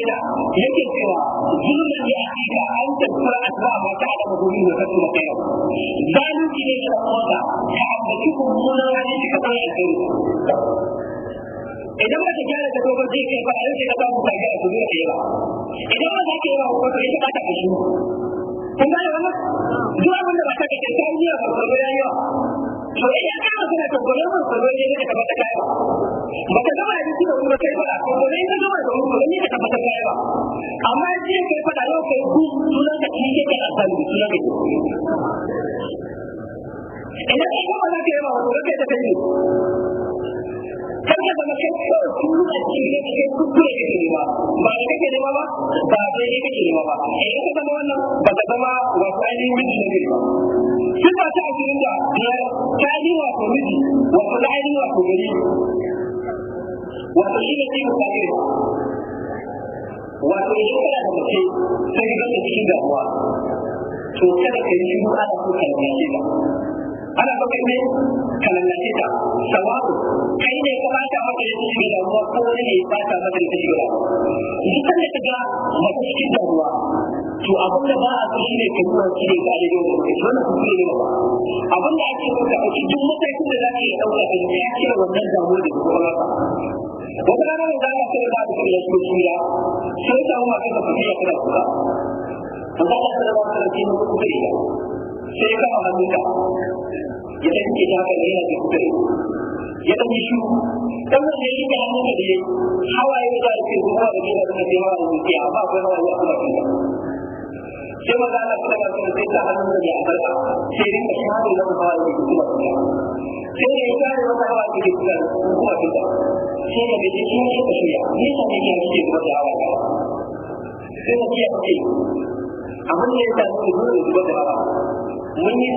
yake cewa zulmin da ake da an tabbata asba ba ta da gobe da kasu da kai zalunci ne da kota ka ambaci mummunan wani da ka fara kai idan ba ta gyara ta gobe zai kai ba a yau da ka samu ta gyara gobe da yawa idan ba za ka yi ba ko ta ita ta kashi kun gane wannan duk abin da ba ta kashi ta yi ba ko ya yi to idan kan magana to gobe mun ko ne ne ka bata kai ba ka gama da shi da kuma kai fada ko gobe ka gama da mu ne ka bata kai ba amma shi kai fada yau kai ku sunan ka kike ka san sunan ka idan kai kuma za ka yi ba ko kai ta kai kar ka zama kai kawai kullum a cikin ne kai kuskure ba ne kake nema ba ba sai ne kake nema ba idan ka zama wannan ba ka zama wasu ainihin wani ne ba duk ba ashirin da ta yi wato miji wato ta yi wa gari wato shi ne cikin kare wato idan kana da mace sai ka ga cikin damuwa to kada ka yi shiru ana so ka lallace ta ana so kai ka lallace ta sawa'u kai ne ka bata mata cikin damuwa ko wani ne ya bata mata cikin damuwa idan ka ga mace cikin damuwa to abin da ba a so shine ka yi wani ne ga daidai da kai wannan kuma ne ba abin da ake so ka ɗauki duk da za ka iya ɗauka ka yi ya wannan damuwa da kuma ba wata rana da za ka sai ba da kai ko shiya sai ta mu ka fita ya fara kuka to ba ka da ba ka ce mu kuka yi sai ka hannu ka ya take ta ka ne ya kuka yi ya ɗauki shi dan wanda ya rike hannun da ya hawaye da ke zuwa da ke da ke hawaye da ke amma akwai hawaye a kuma sai maza Allah ta ga sun sai da hannun da ya farka sai din da shahadu da hawa da kuma sai da ya kare wata hawa da kuma kuma kuma sai da bai shi shi ka shirya ne wata da mun yi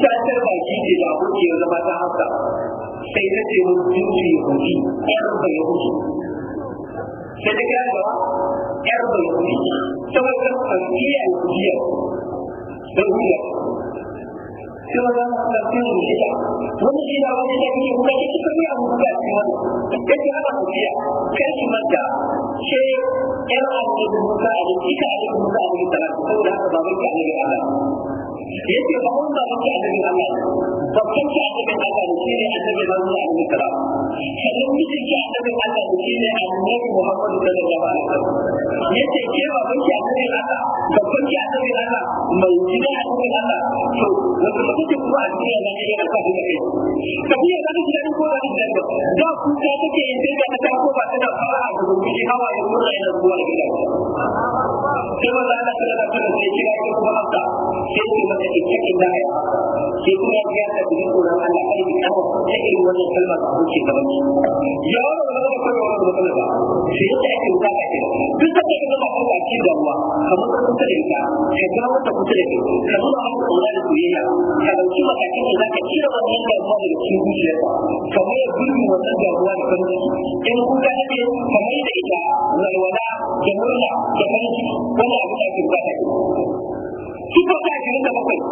ce sai na ya ya s e i ta k i r da yar bai kudi ta wata k n c i y a jiya don hujja sai wata kwanciya jiya wani shi na wani da ke kuma shi kuma a buga shi wani kai ta ana kwanciya kai shi manta ce yar alaƙi da muka alaƙi ka alaƙi muka l a ƙ i talaka saboda haka baban ka alaƙi alaƙi yake ba mun ba muke annabin Allah babban ki annabin Allah ne shine annabi Muhammad alaihi salam sannan kike ki annabin Allah ne shine annabi Muhammad sallallahu alaihi wasallam yace ke ba mun ki annabin Allah babban ki annabin Allah mai gida annabin Allah to wanda kike kuma a cikin yana ne aka fi kai kabi ya kabi gidan ko da gidan da ku ka take yin sai ka ta ko ba ta da fara a gurin ki hawa ya mura ina zuwa gidan sai wanda Allah sallallahu alaihi wasallam ya kira ki kuma haka sai wannan ita ibaya shi kuma ya ga da duk tsoron Allah kai da kawo ta irin wannan kalmar da kuke da shi ya wani da kuma kuma wannan matsalar ba shi yake ake wuta ka ce duk da kake da kuma ki da ruwa kamar ka kusa da ita ka ga wata kusa da ita ka nuna mata tsoron da soyayya ka dauki matakin da zaka kira wannan damuwa daga cikin zuciyarka kamar ya gurbi wannan damuwa da farin ciki in kun ga ne kamar da ita walwala da murna da farin ciki wannan abu da ake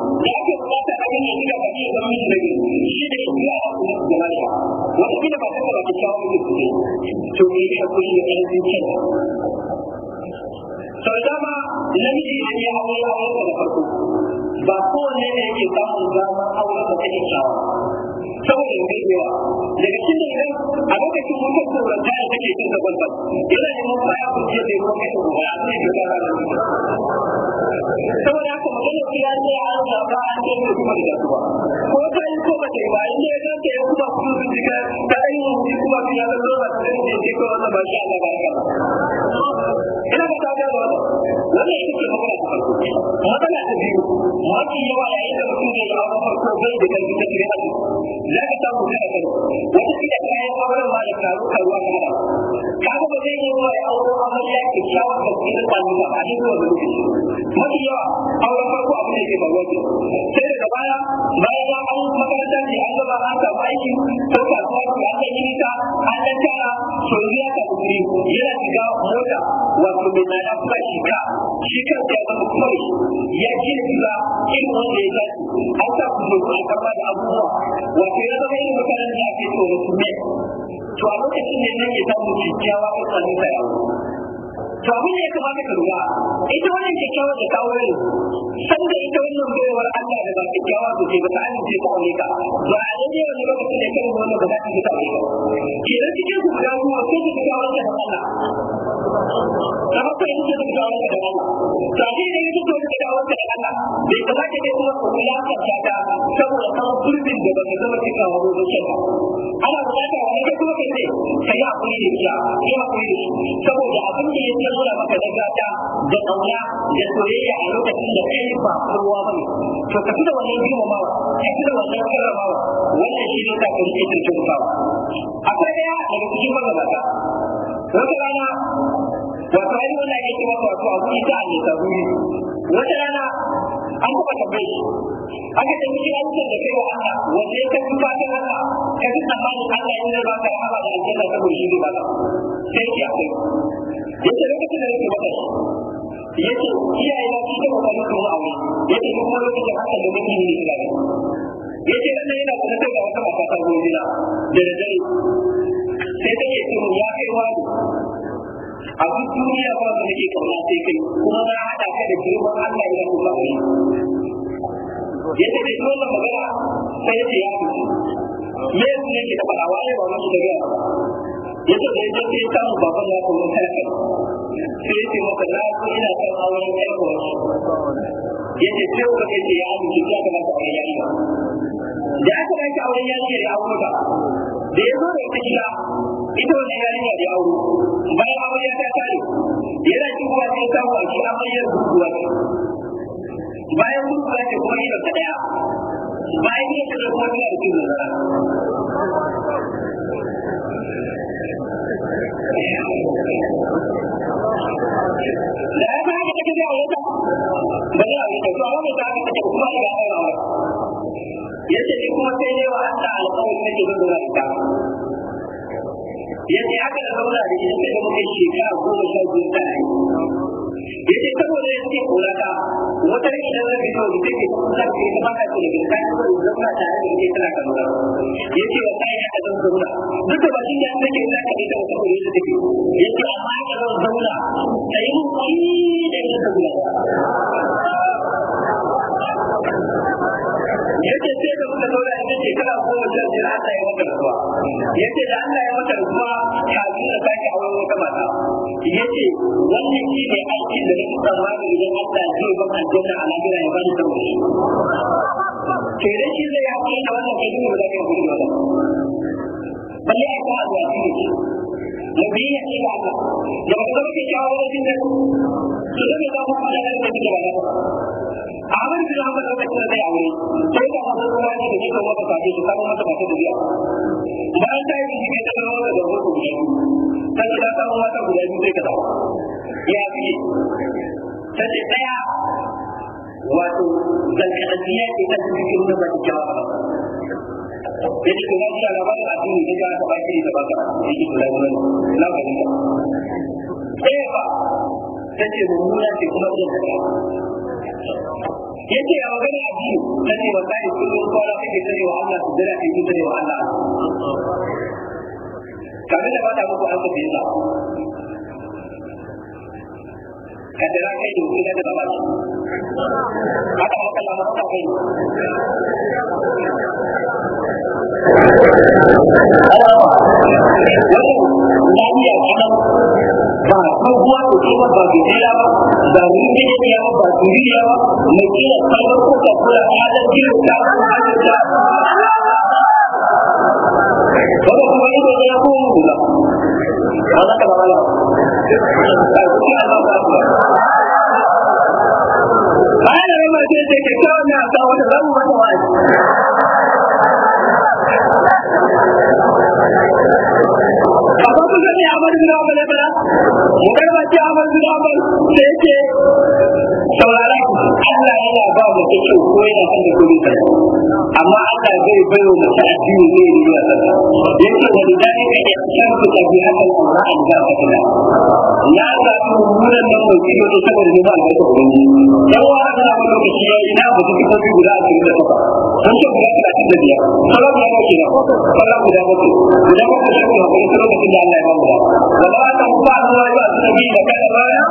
da ake bukata a kan yanzu da kake zama mai nabi shi da shi a kan zama da wata kila ba ta da kyawun da kuke to me ya hakuri da ɗan zuciya sau dama namiji idan ya hawo ya hawo da farko ba kowanne ne yake samun damar hawo da kake kyawa saboda mai yawa daga cikin idan a lokacin mutum sauran ta yi take cin da gwalbal ina neman kaya kuma ya zai kuma kai da ruwa a cikin da saboda haka magana shi ya ce an zaba an ce su kuma da kuma ko ta yi ko ba ta yi ba in dai zan ta yi kuma kuma su jika ta yi kuma su ya zama da su ne ko wata ba shi Allah ba ya ina ga kaga ba wannan ita ce magana ta farko magana ta biyu yawa da karu ba zai yi ya auro amarya ke ba yawa auren ne ke makaranta ne yana shiga mota wa musulmin na ya kuma shi ka shi kan ya zama kawai ya girgiza irin wanda ya dace an da abubuwa wato ya zama irin mutanen da ake so musulmi to a lokacin ne nake samun kyakkyawa ta tsanin to abin ya kamata ka lura ita wannan kyakkyawar da kawo rai sanda ita wannan bayawar Allah da ba kyakkyawa to ce ba ta amince ta aure ka ba a daidai wani lokacin da kai wannan ba za ta ta aure ke da cikin ku guda kuma ko ta fita wannan da Allah da haka yanzu ta fita wannan da Allah to a daidai yanzu ta fita wannan da Allah bai kamata dai kuma ku wulakanta ta saboda kawo gurbin da ba ta zama cikawa ba zuciyar ka ana bukata wani da kuma kai ne kai hakuri da ita kai hakuri da shi saboda abin da ya nuna maka gaggata da ƙauna da soyayya a lokacin da kai ba kowa ba to ka da wannan girmamawa ka da wannan karramawa wannan shi ne ka kai ke tuntuntawa akwai daya daga cikin magabata wata rana wato ai wannan ya ce wato wato abu ita ne ta guri wata rana an kuma tambaye shi aka tambaye an ce da kai wa Allah wanda ya kafi fatan Allah ka fi tsammanin Allah in zama baka rahama da aljanna saboda shi ne baka sai ya yake lokacin da nake maka shi yake iyaye na shi da kokari su yi aure yake kuma lokacin haka da nake yi ina ne yake nan yana kuma kai da wata mata ta gobe na da dare sai ta yake ya kai wani a duk duniya ba da nake kauna sai kai kuma na hada ka da girman Allah ya kuma aure yake da wannan magana sai ya ce ya ce me ne ke da fara wani ba mu da gaba yadda da yake sai samun baban ya kuma karfe sai yake maka na ina son auren aiko yake ce ya amince ya kamata a yi yariya da aka kai auren yariya ya aure ka da ya da ita gida ita wannan yarinya da auro bayan amarya ta yana cin kuma sai samu a shi amaryar gurguwa bayan gurguwa kuma ina ta daya bayan ita da kuma tana cin 来吧，我这就给我来家。不要，小娃娃们家，你别胡乱讲话了。也是你父母对你不善，你才会觉得不高兴。也是孩子不懂事，你不能跟他计较，不能生气。yace saboda ya ce kula ta wata ne idan zaka kawo ita ce kuma ce ta baka ce da kai ko da zama ta ne ke tana kamar yace wa kai yace sai da muka zauna a cikin shekara goma sha biyar ya wata ruwa yace da Allah ya wata ruwa kafin na a auren kama mata yace wannan shi ne aikin da nake tsammani idan Allah zai ban aljanna a lahira ya bani sauri to idan shi zai haƙuri da wannan kai ne ba za ka yi ba balle a kuma a zuwa mu biyayya shi da Allah da ba ka zama kyakkyawa wajen jin இளமை தான் அவருக்கு நாம கட்டத்தை அவரு சொல்ல மதத்துவாரி விதி சொல்ல a gaba tace mummuna ce kuma irin haka yace a magana a biyu na ne wasai kullum kwana kake sani wa Allah su jira kake sani wa Allah kamar da ba ta muku an tafi kaddara kai da wuce da baba ce haka haka da mata kai lafiya kenan ba tsohuwa da ke ba ba gidiya ba ba rijiya ba ba gidiya ba mai kila kalmar ko da kula ta da jiru ta ta ta wanda kuma ita ya kuma ba za rama ce ce kyakkyawan na ta wata zamu mata wa'azi a farkon gani a bar guda bala bala mu garba ce a bar guda bala da yana ba mu ta kyau ko yana kan da kuri ta amma Allah zai bayo mu ta addini zai yi wa ta yake wa da dai ka yi san ku ta bi hakan Qur'an da kana ya ga mummunan nan mai ne ba ga ta ubangi dan wa haka na mu ta ina ko guda a cikin ta sun ce guda ta cikin da sallah ya sallah guda ba guda ba ce ko hakuri sai da Allah ya ba mu da wala ta ba Allah ya ba ta bi da ba ya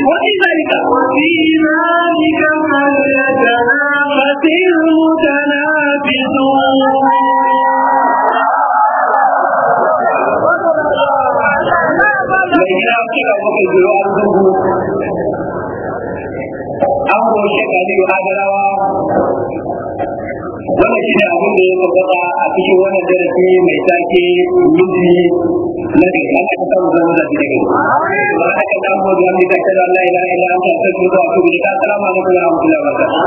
وفي ذلك وفي ذلك biyu adarawa wannan shi ne abin da ya tabbata a cikin wannan darasi mai sake miji na da ya aka da ba a kan Allah ila ila an ne ta kuma wa barakatuh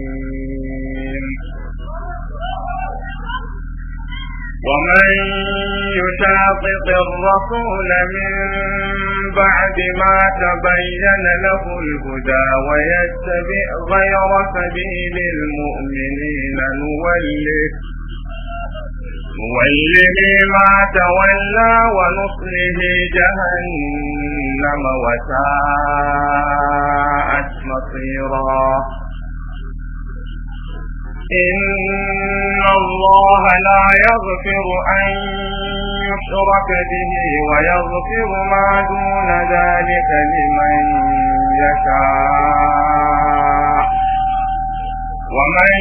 ومن يشاقق الرسول من بعد ما تبين له الهدى ويتبع غير سبيل المؤمنين نوله نوله ما تولى ونصله جهنم وساءت مصيرا إن الله لا يغفر أن يشرك به ويغفر ما دون ذلك لمن يشاء ومن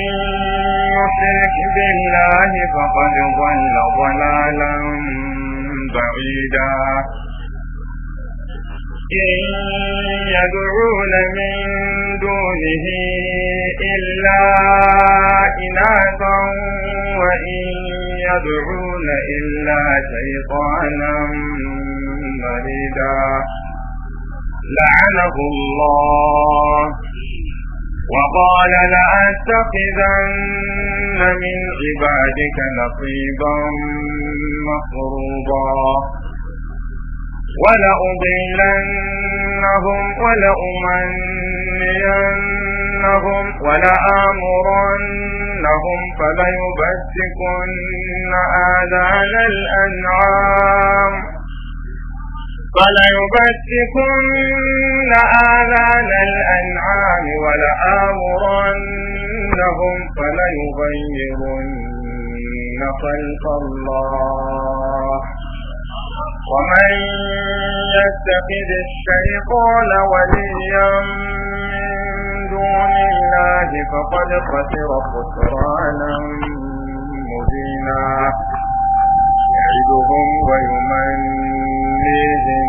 يشرك بالله فقد ضل ضلالا بعيدا يدعون من دونه إلا إناثا وإن يدعون إلا شيطانا مريدا لعنه الله وقال لأتخذن من عبادك نصيبا مفروضا ولأضلنهم ولأمنينهم ولآمرنهم فليبتكن آذان الأنعام فليبتكن آذان الأنعام ولآمرنهم فليغيرن خلق الله ومن يتخذ الشيطان وليا من دون الله فقد خسر خسرانا مبينا يعدهم ويمنيهم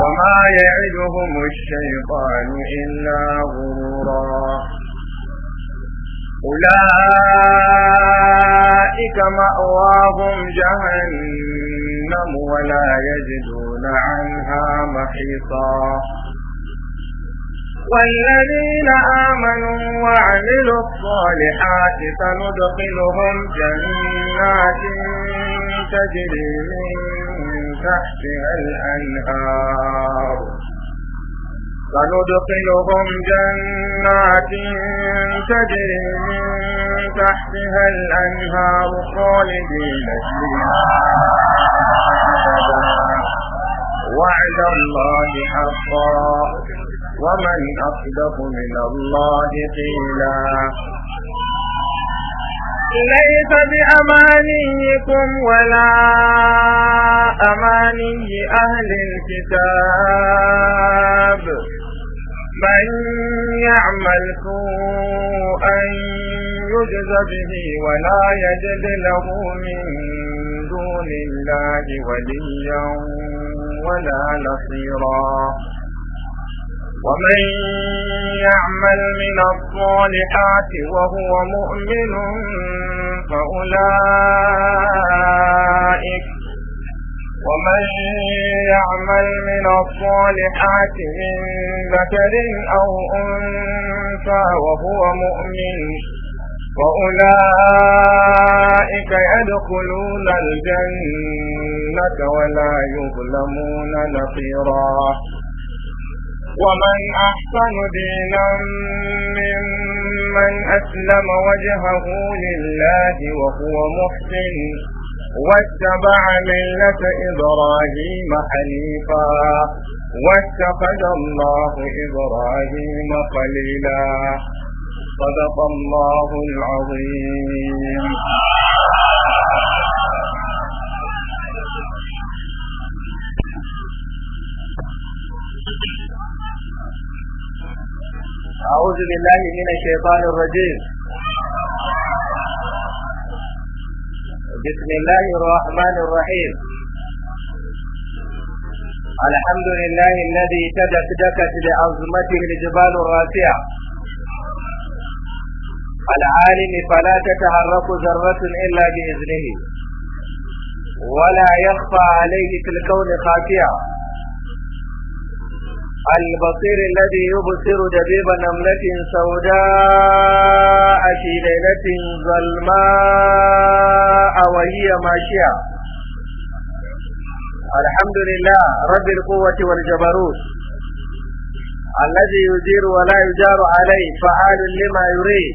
وما يعدهم الشيطان إلا غرورا أولئك مأواهم جهنم جهنم ولا يجدون عنها محيطا والذين آمنوا وعملوا الصالحات سندخلهم جنات تجري من تحتها الأنهار سندخلهم جنات تجري من تحتها الأنهار خالدين فيها وعد الله حقا ومن أصدق من الله قيلا ليس بأمانيكم ولا أماني أهل الكتاب من يعمل سوءا يجز به ولا يجد له من دون الله وليا ولا نصيرا ومن يعمل من الصالحات وهو مؤمن فأولئك ومن يعمل من الصالحات من ذكر أو أنثى وهو مؤمن وأولئك يدخلون الجنة ولا يظلمون نقيرا ومن أحسن دينا ممن أسلم وجهه لله وهو محسن واتبع ملة إبراهيم حنيفا واتخذ الله إبراهيم خليلا صدق الله العظيم أعوذ بالله من الشيطان الرجيم بسم الله الرحمن الرحيم الحمد لله الذي تدك دكت لعظمته الجبال الراسعة العالم فلا تتحرك ذرة إلا بإذنه ولا يخفى عليه في الكون خافية البصير الذي يبصر دبيب نملة سوداء في ليلة ظلماء وهي ماشية الحمد لله رب القوة والجبروت الذي يدير ولا يجار عليه فعال لما يريد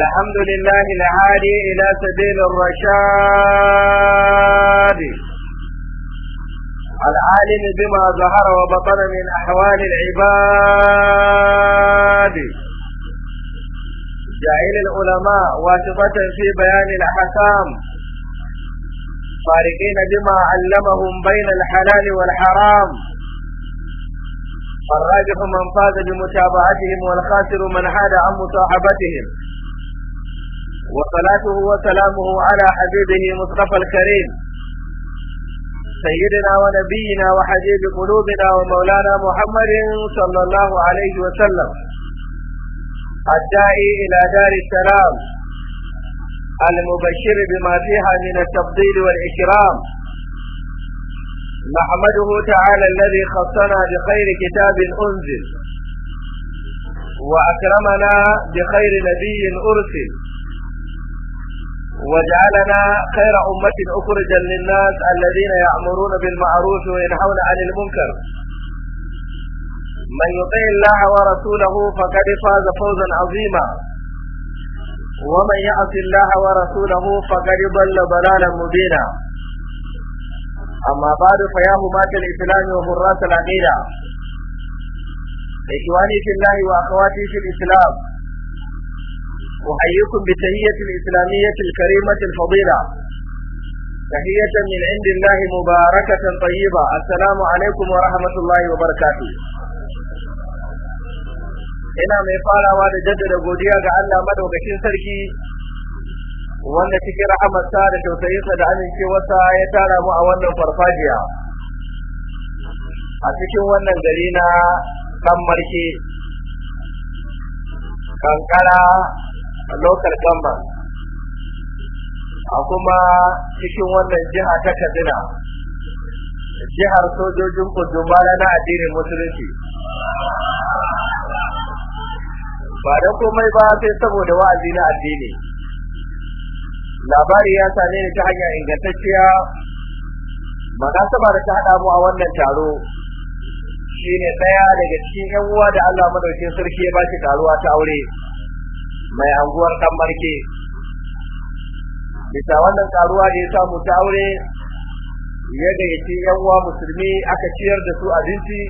الحمد لله العالي إلى سبيل الرشاد العالم بما ظهر وبطن من أحوال العباد جاهل العلماء واسطة في بيان الأحكام فارقين بما علمهم بين الحلال والحرام فالراجح من فاز بمتابعتهم والخاسر من حاد عن مصاحبتهم وصلاته وسلامه على حبيبه مصطفى الكريم سيدنا ونبينا وحبيب قلوبنا ومولانا محمد صلى الله عليه وسلم الداعي إلى دار السلام المبشر بما فيها من التفضيل والإكرام نحمده تعالى الذي خصنا بخير كتاب أنزل وأكرمنا بخير نبي أرسل واجعلنا خير أمة أخرجا للناس الذين يأمرون بالمعروف وينهون عن المنكر من يطيع الله ورسوله فقد فاز فوزا عظيما ومن يعص الله ورسوله فقد ضل ضلالا مبينا أما بعد فيا هماة الإسلام ومرات العقيدة إخواني في الله وأخواتي في الإسلام أحييكم بتهية الإسلامية الكريمة الفضيلة تحية من عند الله مباركة طيبة السلام عليكم ورحمة الله وبركاته ina mai farawa da jaddada godiya ga Allah madaukakin sarki wanda cikin rahamarsa da tausayinsa da amincewarsa ya tara mu a wannan farfajiya a cikin wannan gari na kan marke kankara a lokar gamba a kuma cikin wannan jiha ta kaduna jihar sojojin kujumala na addinin musulunci ba da komai ba sai saboda wa'azi na addini labari ya same ni ta hanya ingantacciya munasaba da ta haɗa mu a wannan taro shine ɗaya daga cikin yan uwa da Allah madaukin sarki ya ba shi taruwa ta aure mai anguwar dan bisa wannan karuwa da ya samu ta aure ya gayyaci yan uwa musulmi aka ciyar da su abinci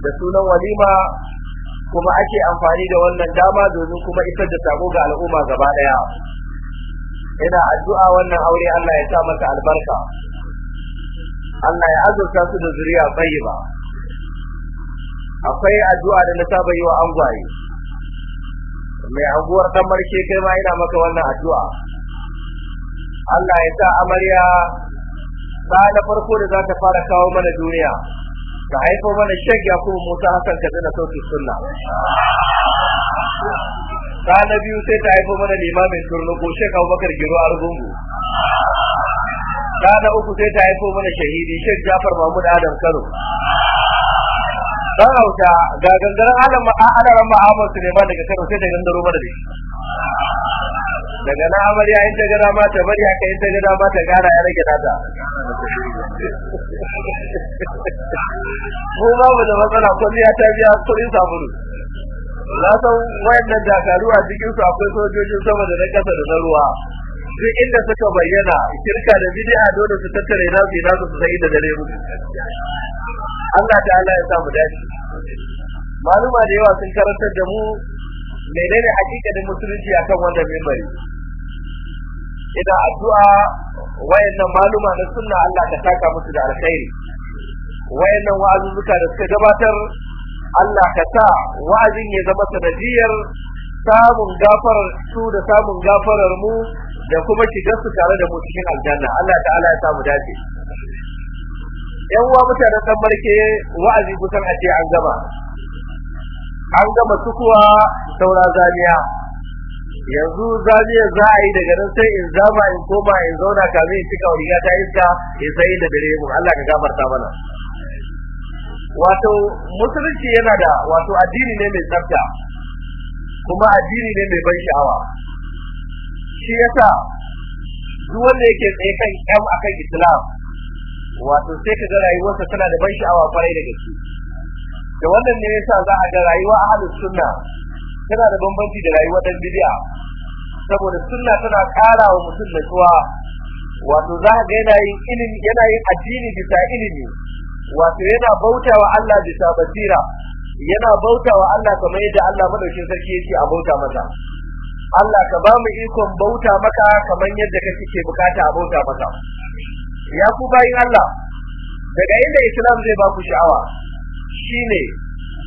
da sunan walima kuma ake amfani da wannan dama domin kuma isar da sako ga al'umma gaba daya ina addu'a wannan aure Allah ya sa masa albarka Allah ya azurta su da zuriya tayyiba akwai addu'a da na saba yi wa angwaye mai anguwar kamar marke kai ma ina maka wannan addu'a Allah ya sa amarya ba na farko da za ta fara kawo mana duniya ta haifo mana shek kuma musa hassan ka zina sauki sunna ta na biyu sai ta haifo mana limamin turnuku shek abubakar giro a rugungu ta na uku sai ta haifo mana shahidi shek jafar mahmud adam kano dan auta ga gangaren alama alaran ma'amar su ne ma daga kano sai da gangaro mana da daga na amarya in ta gada mata bari haka in ta gada mata gara ya rage nata mu ba mu da matsala kwalliya ta biya kuɗin sabulu na san wayannan dakaru a cikin su akwai sojojin sama da na kasa da na ruwa duk inda suka bayyana kirka da bid'a dole su tattare nasu nasu su sai da dare mutu Allah ta'ala ya samu dace maluma da yawa sun karantar da mu menene da musulunci akan wannan mimbari idan addu'a wayannan maluma na sunna Allah ta taka musu da alkhairi wayannan wa'azuzuka da suka gabatar Allah ka sa wa'azin ya zama sanadiyar samun gafarar su da samun gafarar mu da kuma shigar su tare da mu cikin aljanna Allah ta'ala ya samu dace yan uwa mutanen san barke wa'azi kusan a ce an gama an gama tukuwa saura zaniya yanzu zaniya za a yi daga nan sai in zama in koma in zauna kamin in cika riga ta iska in sayi da dare mu Allah ka gafarta mana wato musulunci yana da wato addini ne mai tsafta kuma addini ne mai ban sha'awa shi yasa duk wanda yake tsaye kan kyam akan islam wato sai ka ga rayuwarsa tana da ban sha'awa kwarai da gaske da wannan ne yasa za a ga rayuwa ahlus sunna tana da bambanci da rayuwar dan bid'a saboda sunna tana ƙara wa mutum natsuwa wato za ga yana yin ilimi yana yin addini bisa ilimi wato yana bautawa Allah bisa basira yana bautawa Allah kamar yadda Allah madaukin sarki yake a bauta masa Allah ka ba mu ikon bauta maka kamar yadda kake bukata a bauta maka ya ku bayin Allah daga inda islam zai ba ku sha'awa shine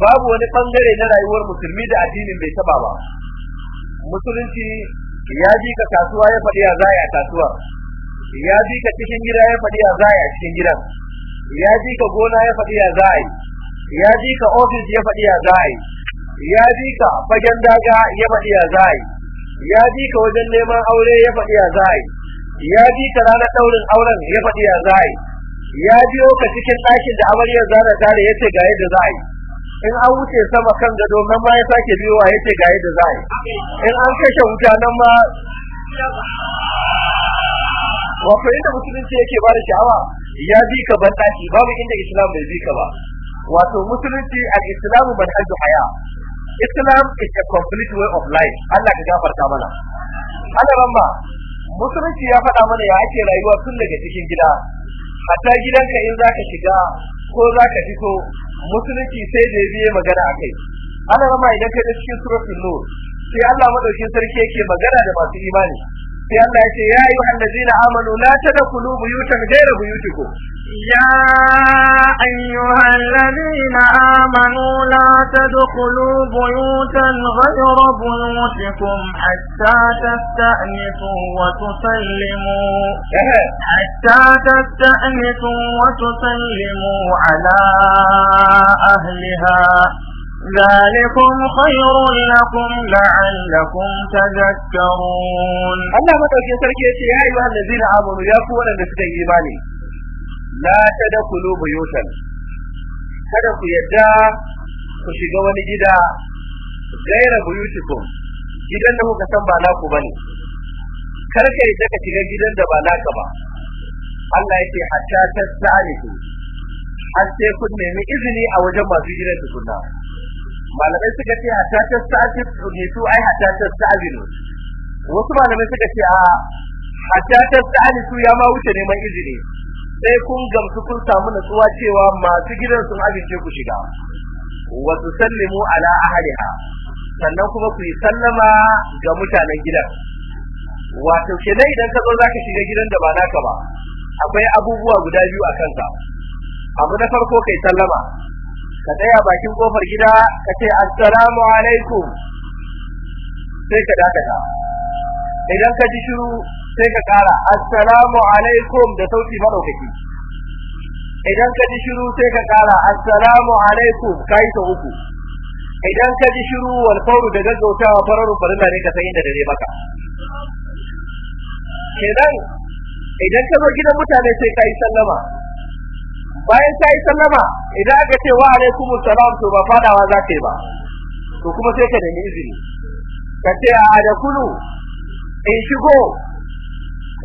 babu wani bangare na rayuwar musulmi da addinin bai taba ba musulunci ya ji ka kasuwa ya faɗi ya zaya kasuwa ya ji ka cikin gida ya faɗi ya zaya cikin gidan ya ji ka gona ya faɗi ya zaya ya ji ka office ya faɗi ya zaya ya ji ka fagen daga ya faɗi ya zaya ya ji ka wajen neman aure ya faɗi ya zaya ya ji ta ranar daurin auren ya faɗi ya za yi ya biyo ka cikin ɗakin da amaryar za ta tare ya ce ga yadda za yi in an wuce sama kan gado nan ma ya sake biyowa ya ce ga yadda za yi in an kashe wuta nan ma wato inda musulunci yake ba da sha'awa ya ji ka ban ɗaki babu inda islam bai zika ka ba wato musulunci al-islamu ban manhaju haya islam is a complete way of life Allah ka gafarta mana Allah ba musulunci ya faɗa mana ya ake rayuwa tun daga cikin gida hatta gidanka in zaka shiga ko zaka fito musulunci sai da biye magana akai ana rama idan ka da cikin suratul nur sai Allah madaukin sarki yake magana da masu imani الله يقول يا أيها الذين آمنوا لا تدخلوا بيوتا غير بيوتكم يا أيها الذين آمنوا لا تدخلوا بيوتا غير بيوتكم حتى تستأنسوا وتسلموا حتى تستأنسوا وتسلموا على أهلها ذلكم خير لكم لعلكم تذكرون الله مدوكي سركي يا ايها الذين امنوا يا كوانا da suka yi imani la tadkhulu buyutan kada ku yadda ku shiga wani gida gaira gidan da kuka san ba naku bane kar ka yadda ka gidan da ba naka ba Allah yake hatta tasalihu har sai kun nemi izini a wajen masu gidan tukunna malamai suka ce hatta ta ne ruhitu ai hatta ta sa'id wasu malamai suka ce a hatta ta su ya ma wuce neman izini sai kun gamsu kun samu nutsuwa cewa masu gidan sun amince ku shiga wa tusallimu ala ahliha sannan kuma ku yi sallama ga mutanen gidan wato kenan idan ka zo zaka shiga gidan da ba naka ba akwai abubuwa guda biyu a kanka abu na farko kai sallama ka tsaya bakin kofar gida ka ce assalamu alaikum sai ka dakata idan ka ji shiru sai ka kara assalamu alaikum da sauti madaukaki idan ka ji shiru sai ka kara assalamu alaikum kai ta uku idan ka ji shiru wal fawru da gaggautawa fararu farilla ne ka san inda dare maka kenan idan ka zo gidan mutane sai kai sallama bayan ta yi sallama idan aka ce wa alaikum salam to ba fadawa za ta yi ba to kuma sai ka nemi izini ka ce a da kulu in shigo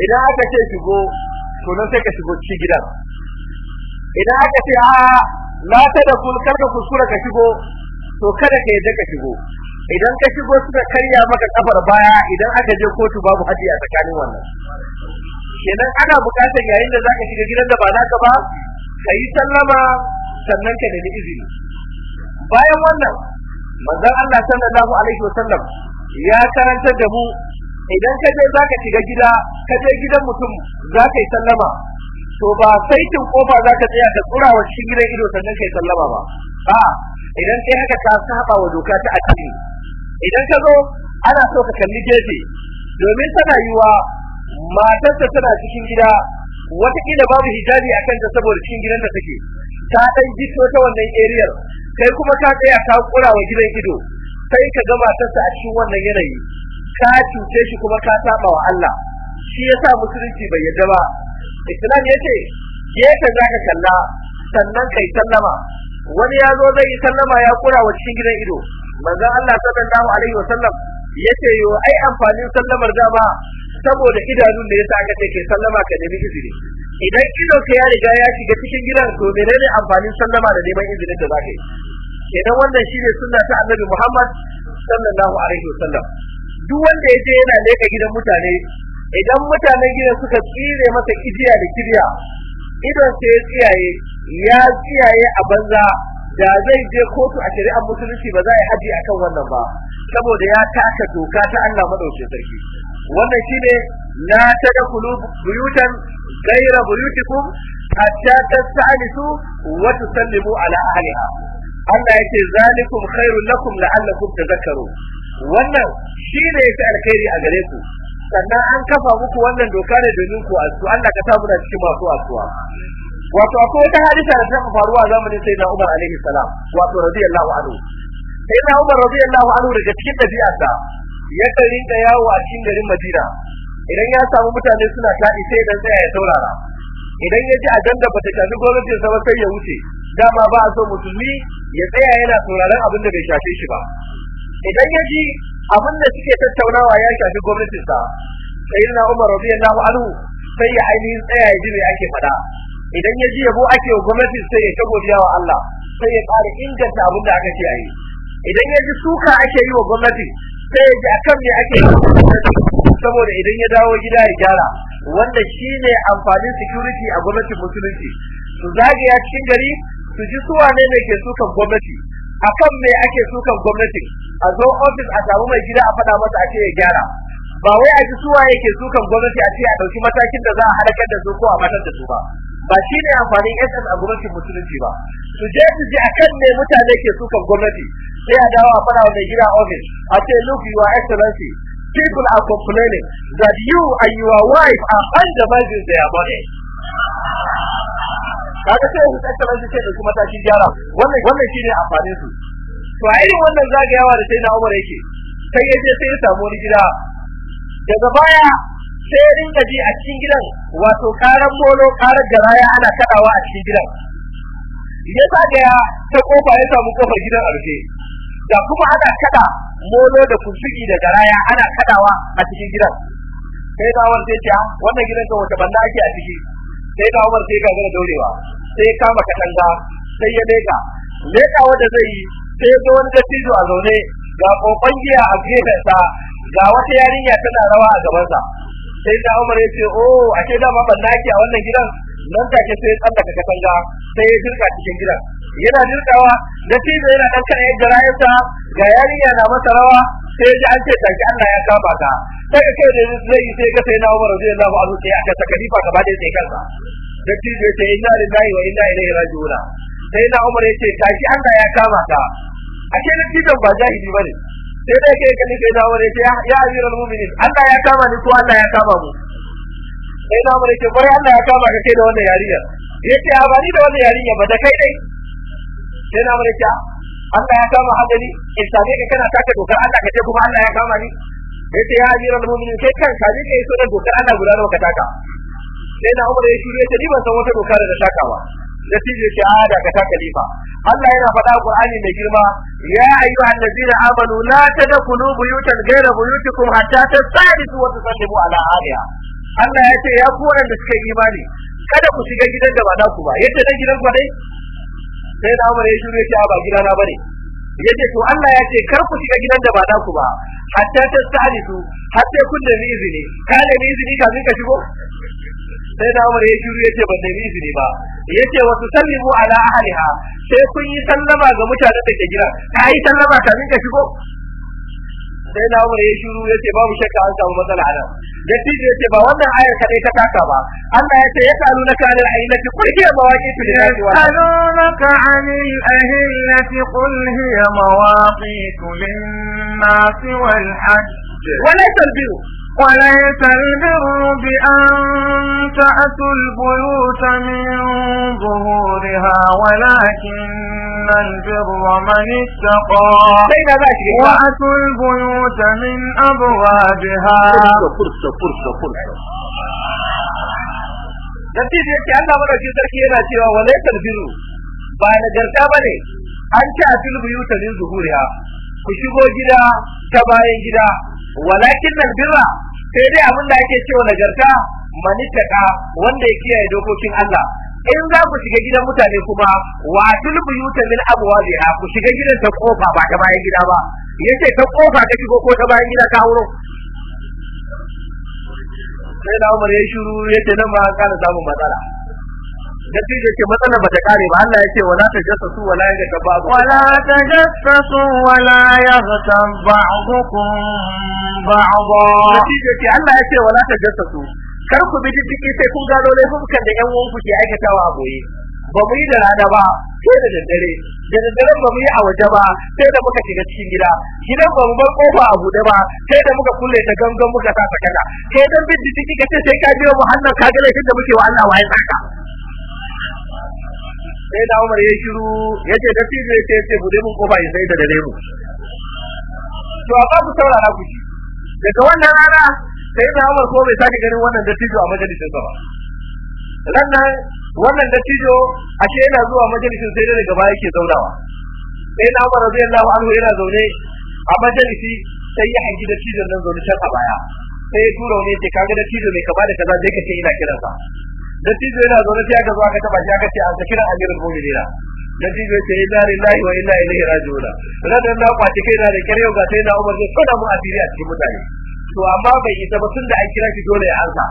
idan aka ce shigo to nan sai ka shigo cikin gidan idan aka ce a la ta da kul kar ka kuskura ka shigo to kada ka yadda ka shigo idan ka shigo suka karya maka kafar baya idan aka je kotu babu hadiya a tsakanin wannan kenan ana bukatar yayin da zaka shiga gidan da ba naka ba kai sallama sannan ka nemi izini bayan wannan manzon Allah sallallahu alaihi wasallam ya karantar da mu idan ka je zaka shiga gida ka je gidan mutum zaka yi sallama to ba sai kin kofa zaka tsaya da tsura wa shi gidan ido sannan kai sallama ba a idan kai haka ka saba wa doka ta addini idan ka zo ana so ka kalli gefe domin tana yiwa matarsa tana cikin gida kila babu hijabi a ta saboda cikin gidan da take ta dan gito ta wannan area kai kuma ka tsaya ka kura wa gidan ido sai ka ga sa a cikin wannan yanayi ka cuce shi kuma ka saba wa Allah shi yasa musulunci bai yarda ba islam yace gefe zaka kalla sannan kai sallama wani ya zo zai yi sallama ya kura wa cikin gidan ido manzon Allah sallallahu alaihi wasallam yace yo ai amfanin sallamar da ba saboda idanun da ya sa aka ce ke sallama ka nemi izini idan ido ka ya riga ya shiga cikin gidan to menene amfanin sallama da neman izinin da zaka yi kenan wannan shine sunna ta Annabi Muhammad sallallahu alaihi wasallam duk wanda ya je yana leka gidan mutane idan mutanen gidan suka tsire masa kidiya da kidiya idan sai ya tsiyaye ya tsiyaye a banza da zai je kotu a shari'ar musulunci ba za a yi haji akan wannan ba saboda ya taka doka ta Allah madaukakin sarki wannan shine la tadkhulu buyutan ghayra buyutikum hatta tasta'nisu wa tusallimu ala ahliha Allah yake zalikum khairul lakum la'allakum tadhakkarun wannan shine yake alkhairi a gare ku sannan an kafa muku wannan doka ne domin ku asu Allah ka sa muna cikin masu asuwa wato akwai wata hadisa da ta faru a zamanin sayyidina Umar alaihi salam wato radiyallahu anhu sayyidina Umar radiyallahu anhu daga cikin dabi'arsa ya da yawo a cikin garin Madina idan ya samu mutane suna tafi sai dan tsaya ya saurara idan ya ji ajanda bata shafi gwamnatin sa sai ya wuce dama ba a so musulmi ya tsaya yana sauraron abin da bai shafe shi ba idan ya ji abin da suke tattaunawa ya shafi gwamnatin sa sayyidina Umar radiyallahu anhu sai ya ainihin tsaya ya ji me ake faɗa idan ya ji yabo ake wa gwamnati sai ya ta godiya wa Allah sai ya ƙara inganta abin da aka ce a yi idan ya ji suka ake yi wa gwamnati sai ya ji akan me ake saboda idan ya dawo gida ya gyara wanda shine amfanin security a gwamnatin musulunci su zagaya cikin gari su ji su wane ne ke sukan gwamnati akan me ake sukan gwamnati a zo ofis a samu mai gida a faɗa masa ake ya gyara ba wai a ji suwa yake sukan gwamnati a ce a dauki matakin da za a halakar da su ko a matar da su ba ba shi ne amfanin SM a gwamnati musulunci ba su je su ji akan ne mutane ke sukan gwamnati sai a dawo a fara mai gida office a ce look your excellency people are complaining that you and your wife are undermining their money kaga sai su excellency sai da su matakin gyara wannan wannan shine amfanin su to a irin wannan zagayawa da sai na Umar yake sai ya je sai ya samu wani gida daga baya sai rinka ji a cikin gidan wato karan bolo karan da raya ana kadawa a cikin gidan ya saka ta kofa ya samu kofar gidan a da kuma ana kada molo da kusuri da garaya ana kadawa a cikin gidan sai da wani sai ya ah, wannan gidan ga wata banda ake a ciki sai da wani sai gagara daurewa sai ya kama katanga sai ya leka leka wanda zai yi sai ga wani dattijo a zaune ga kokon giya a gefensa ga wata yarinya tana rawa a gabansa sai da Umar ya ce oh ake da ban daki a wannan gidan nan take sai ka katanga sai ya dirka cikin gidan yana dirkawa da da yana dan kare yadda ga yarinya na masa rawa sai ya ji an ce taki Allah ya kama ka sai ka ce zai sai ka sai na Umar radiyallahu anhu sai aka saka difa gaba da sai kansa da shi ya ce inna lillahi wa inna ilaihi raji'un sai na Umar ya ce ki Allah ya kama ka Ake da tijo ba jahili bane sai dai kai ka nike dawo da ya ya amiral mu'minin Allah ya kama ni ko Allah ya kama mu sai da mu rike bare Allah ya kama ka kai da wannan yarinya yace a bani da wannan yarinya ba da kai dai sai da mu rike Allah ya kama hadari in sabe ka kana taka dokar Allah ka ce kuma Allah ya kama ni yace ya amiral mu'minin kai kan ka ne kai so dokar Allah guda nawa ka taka sai da Umar ya shirye ta ni ban san wata dokar da ta takawa da sirri shahada ka ta Khalifa. Allah yana faɗa Qur'ani mai girma ya ayyuhal ladina amanu la tadkhulu buyutan ghayra buyutikum hatta tasadisu wa tusallimu ala ahliha Allah ya ce ya ku wanda suka yi imani kada ku shiga gidan da ba naku ba yadda dan gidan ku dai sai da Umar ya shiru ya ce ba gidana bane yace to Allah ya ce kar ku shiga gidan da ba naku ba hatta tasadisu hatta kun da izini ka da izini kafin ka shigo sai da Umar ya shiru yace ba. nemi izini ba yace wa tusallimu ala ahliha sai kun yi sallama ga mutanen da ke gida ka yi sallama kafin ka shigo sai da Umar ya shiru yace babu shakka an samu matsala anan dattijo yace ba wannan ayar kadai ta taka ba Allah ya ce ya kalu na kalil ahillati qul hiya mawaqitu lin-nas wa alunaka 'anil ahillati qul hiya mawaqitu lin-nas wal-hajj wa laysa al-birru وليس البر بأن تأتوا البيوت من ظهورها ولكن البر من اتقى وأتوا البيوت من أبوابها فرصة فرصة فرصة Dattin ya yake Allah madaukin sarki yana cewa walaikal biru ba garta bane an ce a filbu min zuhuriya ku shigo gida ta bayan gida walakin nan birra sai dai abin da ake cewa nagarta manitaka wanda ya kiyaye dokokin Allah in za ku shiga gidan mutane kuma wa til yuta min abwabiha ku shiga gidan ta kofa ba ta bayan gida ba yace ta kofa ka shigo ko ta bayan gida ka hauro sai da Umar ya shiru yace nan ba ka samun matsala dattijo ce matsala bata kare ba Allah yake wala tajassasu wala yaghtab ba'dukum wala ta tajassasu wala yaghtab ba'dukum ba'dha dattijo ce Allah yake wala tajassasu kar ku bi diddiki sai kun gano laifukan da yan uwanku ke aikatawa a boye ba mu yi da rana ba sai da daddare da daddare ba mu yi a waje ba sai da muka shiga cikin gida gidan ba mu bar kofa a bude ba sai da muka kulle ta gangan muka sa ta kana sai dan biddiki ce sai ka biyo mu hannan ka ga laifin da muke wa Allah wai saka sai da Umar ya shiru yace da tijo ce, ce bude mun kofa ya sai da dare mu to a babu saurara ku shi daga wannan rana sai da Umar ko bai sake ganin wannan da a majalisin sa ba wannan da a ashe yana zuwa majalisin sai da gaba yake zaunawa sai da Umar radiyallahu anhu yana zaune a majalisi sai ya hangi da tijon nan zaune can a baya sai ya tura wani yace kaga da tijo mai kaba da kaza zai kace ina kiransa dattijo yana zaune sai aka zo aka taba shi aka ce an sakira amirul mu'minina dattijo ce inna lillahi wa inna ilaihi raji'un radan na kwaci kai na da kare ga sai na umar zai fada mu asiri a cikin mutane to amma bai isa ba tunda an kira shi dole ya ansa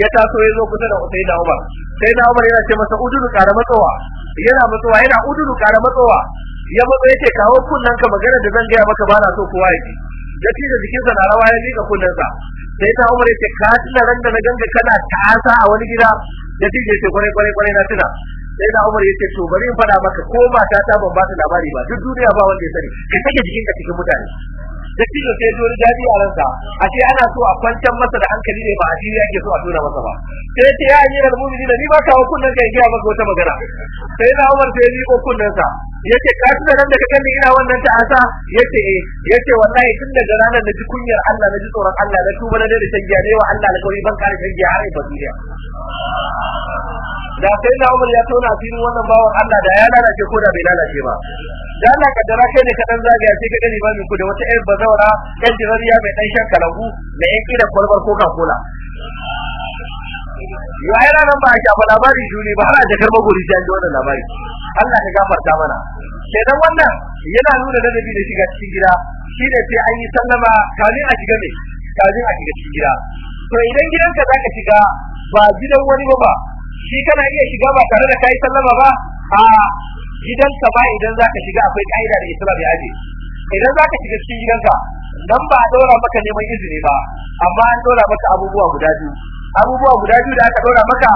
ya taso ya zo kusa da sai na umar sai na umar yana ce masa ududu kara matsowa yana matsowa yana ududu kara matsowa ya matso yace kawo kunnan ka magana da zan gaya maka bana so kowa ya ji dattijo jikinsa na rawa ya mika kunnensa sai ta umar yace ka tuna ran da na ganga kana ta'asa a wani gida da ce kware-kware na tuna sai da Umar yake to bari in fada maka ko mata ta ban ba ta labari ba duk duniya ba wanda ya sani ka take jikin ka cikin mutane da sai dole dadi a ransa a ce ana so a kwantar masa da hankali ne ba a jira yake so a tura masa ba sai ce ya amira mu muminin da ni ba kawo kunnan ka gaya maka wata magana sai da Umar sai ni ko kunnan sa yace ka tuna nan da ka kalli ina wannan ta'asa yace eh yace wallahi tun daga ranar na ji kunyar Allah na ji tsoron Allah na tuba na da shan giya ne wa Allah alƙawari ban kare shan giya har ba duniya da sai na umar ya tona filin wannan bawon Allah da ya lalace ko da bai lalace ba da Allah dara kai ne dan zagaya sai ka gani ba min ku da wata ƴar bazawara kan dirariya mai dan shan kalangu da ƴan kira kwalbar coca cola ya yana nan ba a shafa labarin juni ba har a jakar magori sai an ji wannan labari Allah ya gafarta mana Sai dan wannan yana nuna ladabi da shiga cikin gida shi ne sai an yi sallama kafin a shiga ne, kafin a shiga cikin gida to idan gidanka zaka shiga ba gidan wani ba shi kana iya shiga ba tare da kai sallama ba a ka ba idan zaka shiga akwai kaida da Islam ya aje idan zaka shiga cikin gidanka dan ba a daura maka neman izini ba amma an daura maka abubuwa guda biyu abubuwa guda biyu da aka daura maka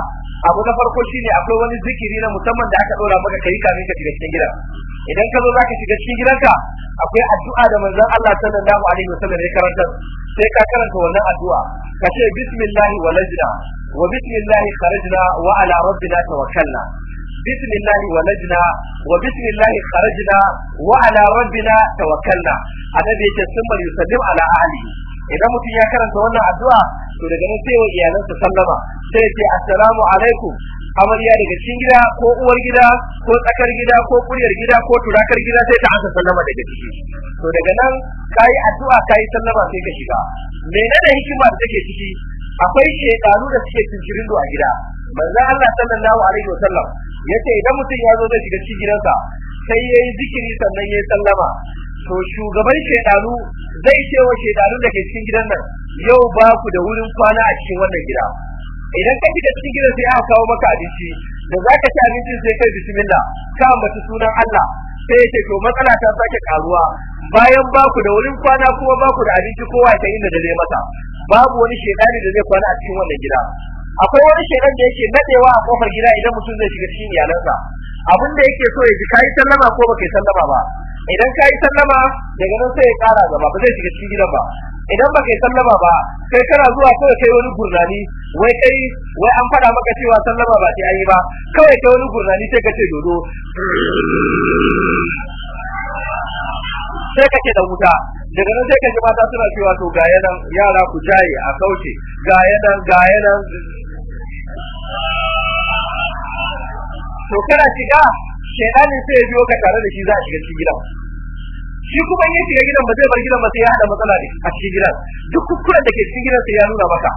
abu na farko shine akwai wani zikiri na musamman da aka daura maka kai kamin ka shiga cikin gidan idan ka zo zaka shiga cikin gidanka akwai addu'a da manzon Allah sallallahu alaihi wasallam ya karanta sai ka karanta wannan addu'a ka ce bismillahi walajna wa bismillahi kharajna wa ala rabbina idan mutum ya karanta wannan addu'a to daga nan sai wa iyalansa sallama sai ya ce assalamu alaikum amarya daga cikin gida ko uwar gida ko tsakar gida ko kuryar gida ko turakar gida sai ta aka sallama daga ciki to daga nan kai addu'a kai sallama sai ka shiga menene hikima da take ciki akwai shedanu da suke cincirin a gida manzo Allah sallallahu alaihi wasallam yace idan mutum ya zo zai shiga cikin gidansa sai yayi zikiri sannan yayi sallama to shugaban shekaru zai ce wa shedanu da ke cikin gidan nan yau ba ku da wurin kwana a cikin wannan gida idan ka fita cikin gidan sai aka kawo maka abinci da zaka ci abinci sai kai bismillah ka ambaci sunan Allah sai ya ce to matsala ta sake karuwa bayan ba ku da wurin kwana kuma ba ku da abinci kowa ta inda da zai masa babu wani shedani da zai kwana a cikin wannan gida akwai wani shedan da yake nadewa a kofar gida idan mutum zai shiga cikin iyalansa abin da yake so ya ji kai sallama ko baka sallama ba idan kai sallama daga nan sai ya kara gaba ba zai shiga cikin gidan ba idan baka sallama ba kai kana zuwa ko kai wani gurnani wai kai wai an fada maka cewa sallama ba sai ayi ba kawai kai wani gurnani sai ka ce dodo sai kake da wuta daga nan sai kake mata suna cewa to ga yanan yara ku jaye a kauce ga yanan ga yanan to kana shiga sai shedani sai ya ka tare da shi za a shiga cikin gidan shi kuma yake shiga gidan ba zai bar gidan ba sai ya hada matsala ne a cikin gidan duk kuskuren da ke cikin gidan sai ya nuna maka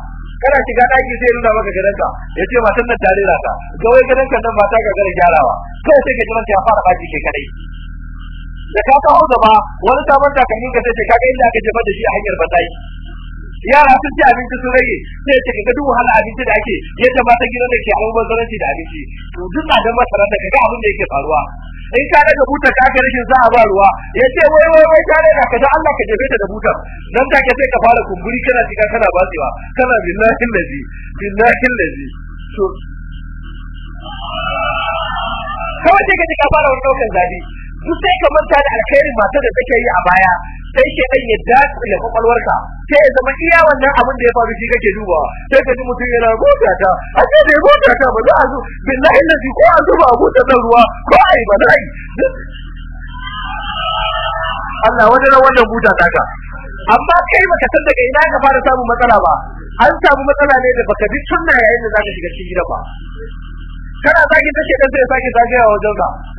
kana shiga daki sai nuna maka gadanka ya ce matan nan tare da ka ga wai ka nan ba ta ga gari gyarawa kai sai ka ji ya fara baki ke kadai da ka kawo gaba wani sabon takalmi ka sai ka ga inda aka jefa da shi a hanyar batai yara sun ce abinci sun rage sai ce kaga duk wahala abinci da ake yadda mata gidan da ke hawan bazaranci da abinci to duk da masara da kaga abin da yake faruwa in ka daga butar ka aka rashin za a ba ruwa ya ce wai wai wai tare da kaga Allah ka jefe ta da butar nan take sai ka fara kumburi kana shiga kana batsewa kana billahi lazi billahi lazi to kawai sai ka ji ka fara wani daukan zabi duk sai ka manta da alkhairin matar da take yi a baya sai ke dan ya dace da kwakwalwarka sai ya zama iya wannan abin da ya faru shi kake dubawa sai ka ji mutum yana gota ta a ce da gota ta ba za a zo billahi lazi ko a ba abu da ruwa ko ai ba dai Allah wajen wannan ta ka amma kai baka san daga ina ka fara samun matsala ba an samu matsala ne da baka bi sunna yayin da zaka shiga cikin gida ba kana zaki take dan sai sake zagayawa wajen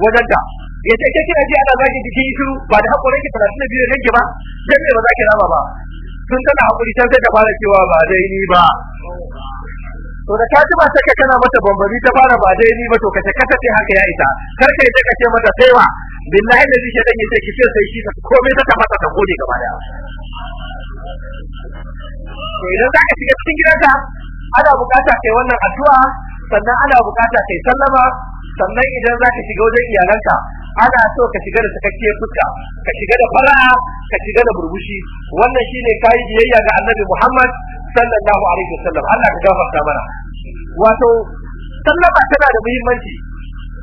wajenka wajen ya ce ke kira ji ana zaki cikin shiru ba da hakuri ki 32 da nake ba dan me ba zaki ki rama ba sun tana hakuri sai ta fara cewa ba dai ni ba to da ka ji ba sai ka kana mata bambari ta fara ba dai ni ba to ka ta kasa sai haka ya isa kar ka yi ka ce mata sai wa billahi da zai shedan yace ki sai shi ta komai ta mata ta gode gaba daya to idan za ka shiga cikin gidanka ana bukata kai wannan addu'a sannan ana bukata kai sallama sannan idan za shiga wajen iyalanka ana so ka shiga da sakakkiyar fuska ka shiga da fara'a ka shiga da burbushi wannan shine kai biyayya ga Annabi Muhammad sallallahu alaihi wasallam Allah ka gafarta mana wato sallama tana da muhimmanci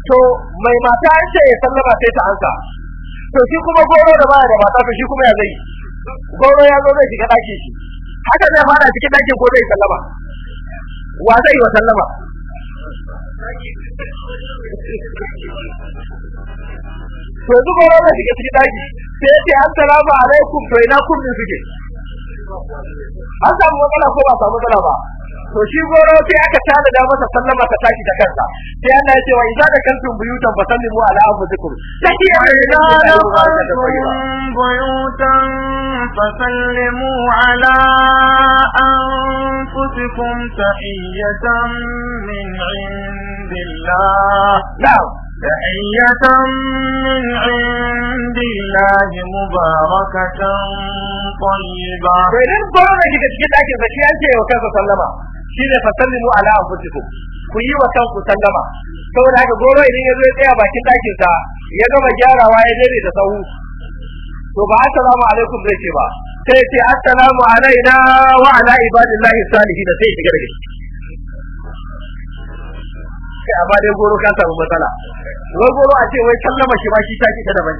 to mai mata an ce sallama sai ta ansa to shi kuma goro da ba da mata to shi kuma ya zai goro ya zo zai shiga daki shi haka zai fara cikin dakin ko zai sallama wa zai wa sallama to yanzu gora da shiga cikin daki sai ya ce assalamu alaikum to ina kun ne suke an samu matsala ko ba samu matsala ba to shi goro sai aka tana da masa sallama ta taki da kansa sai yana ya ce wa idza da kantum buyutan fasallimu ala anfusikum sai ya ina buyutan fasallimu ala anfusikum tahiyatan min indillah na'am تحية من عند الله مباركة طيبة بين الضرر لك تشكيل أكل بشي أنت وكيف سلمة شين فسلموا على أنفسكم kuyi wa kanku sallama saboda haka goro idan ya zo ya tsaya bakin dakin sa ya gama gyarawa ya dare da sahu to ba assalamu alaikum zai ce ba sai ce assalamu alaina wa ala ibadillahi salihin sai a ba dai goro ka samu matsala wai goro a ce wai sallama shi ba shi ta da daban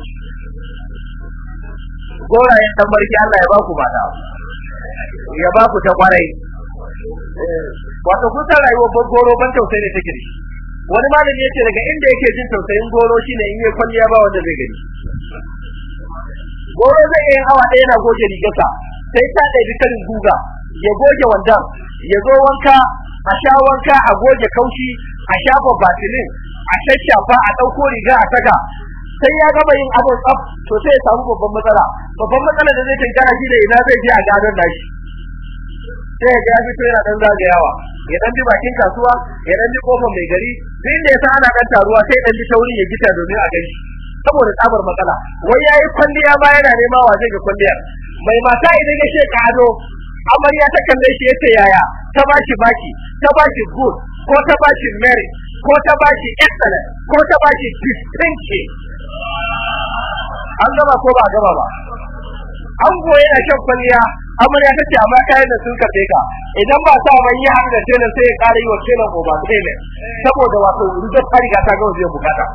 gora ya tambar ki Allah ya baku mata ya baku ta kwarai wato kun san rayuwar goro ban tausayi ne take shi wani malami yace daga inda yake jin tausayin goro shine in yi kwalliya ba wanda zai gani goro zai yi hawa ɗaya na goge rigarsa sai ta ɗaya bitarin guga ya goge wandan ya zo wanka a sha wanka a goge kaushi a shafa batilin a shashafa a ɗauko riga a taga sai ya gaba yin abin tsaf to sai ya samu babban matsala babban matsala da zai kankara shi da ina zai je a gadon shi. sai ya ga to yana ɗan zagayawa ya ɗan bi bakin kasuwa ya ɗan bi kofar mai gari din da yasa ana ɗan taruwa sai ɗan bi sauri ya gita domin a gani saboda tsabar matsala wai ya yi kwalliya ba yana nema wa zai ga kwalliyar mai mata idan ya sheka ado amarya ta kalle shi ce yaya ta bashi baki ta bashi gud ko ta bashi merit ko ta bashi excellent ko ta bashi distinction an gaba ko ba a gaba ba an goye a shan kwalliya amarya ta ce amma kayan da sun karbe ka idan ba sa ban yi har da telan sai ya ƙara yi wa telan ko ba ne saboda wato rigar ta riga ta ga zai bukata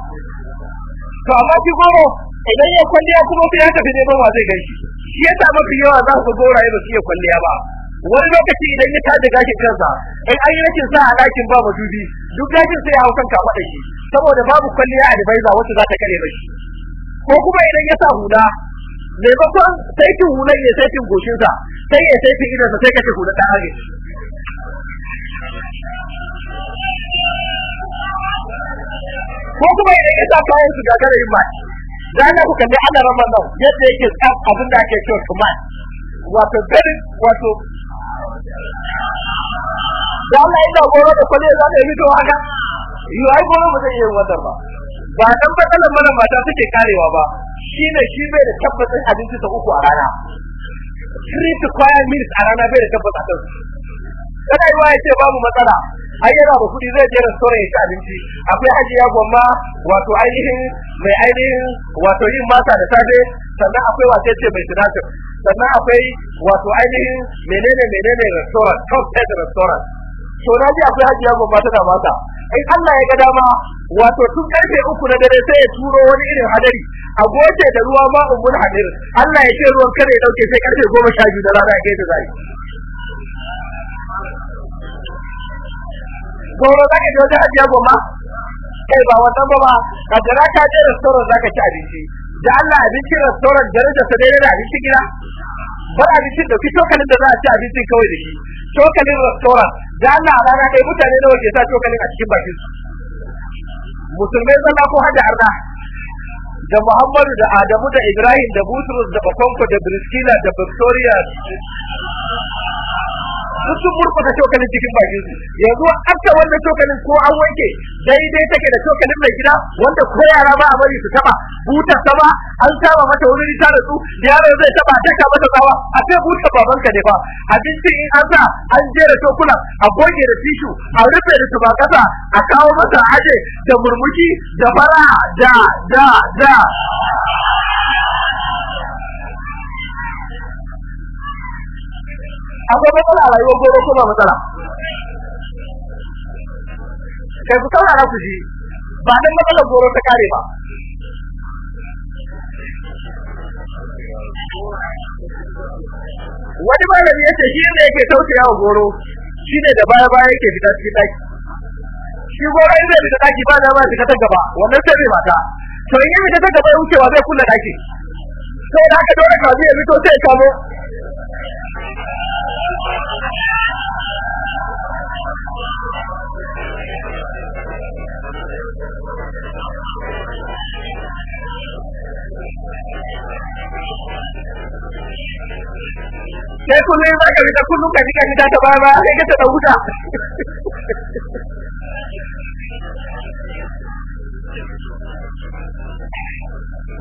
to amma ki goro idan ya kwalliya kuma sai ya tafi neman wa zai gaishe shi yasa mafi yawa za su gora ba su iya kwalliya ba wani lokaci idan ya tada gashin kansa ai an yi rashin sa a dakin ba madubi duk gashin sai ya hau kanka a madaki saboda babu kwalliya a dibaiza wacce za ta kare shi. ko kuma idan ya sa hula maimakon saitin hulan ya saitin goshinsa sai ya saitin idansa sai ka ce hula ta hage ko kuma idan ya sa kayan su gagara yin mai da na ku kalli ana ramar nan yadda yake tsaf abin da ake cewa kuma wato berin wato da Allah ya goro da kwale za ta yi to haka yi ai goro ba zai yi wadar ba ba dan fatalan mana mata suke karewa ba shine shi bai da tabbacin abinci ta uku a rana three to five minutes a rana bai da tabbata kan kada yi ya ce babu matsala ai yana da kuɗi zai je restaurant ya ci abinci akwai hajiya gwamma wato ainihin mai ainihin wato yin masa da safe sannan akwai wato ce mai tunatar sannan akwai wato ainihin menene menene restaurant top head restaurant So na ji akwai hajiya ta tana mata in Allah ya ga dama wato tun karfe uku na dare sai ya turo wani irin hadari a goce da ruwa ba ummul hadir Allah ya ce ruwan kare ya dauke sai karfe goma sha biyu da rana ya da zai za ka je wajen hajiya babba kai eh, ba wata ba ba ka jira ka je restaurant zaka ci abinci da Allah abinci restaurant daraja sa daidai da abinci gida bar abincin da cokalin da za a ci abincin kawai da shi cokalin rastora da Allah a rana kai mutane nawa ke sa cokalin a cikin bakin su musulmai zalla ko hada arna da Muhammadu da Adamu da Ibrahim da Butrus da Bakonko da Briskila da Victoria duk sun murkuta cokalin cikin bakin su yanzu aka wanda cokalin ko an wanke daidai take da cokalin mai gida wanda ko yara ba a bari su taba buta ba an saba mata wani rita da su yaro zai taba taka mata tsawa a sai buta ka ne fa abincin in an sa an je da cokula a goge da tishu a rufe da tuba kasa a kawo mata aje da murmuki da fara da da da akwai matsala a rayuwar gobe ko ba matsala kai ku saurara ku ji ba dan matsalar goro ta kare ba wani malami yace shi ne yake tausaya wa goro shi ne da baya baya yake fita cikin daki shi goro in zai fita daki ba dama fita ta gaba wannan sai bai mata to in ya fita ta gaba ya wucewa zai kula daki da aka dole ka ya fito sai ya kamo sai kuma za ka fita kullum ka fita fita ta baya baya sai ka ta huta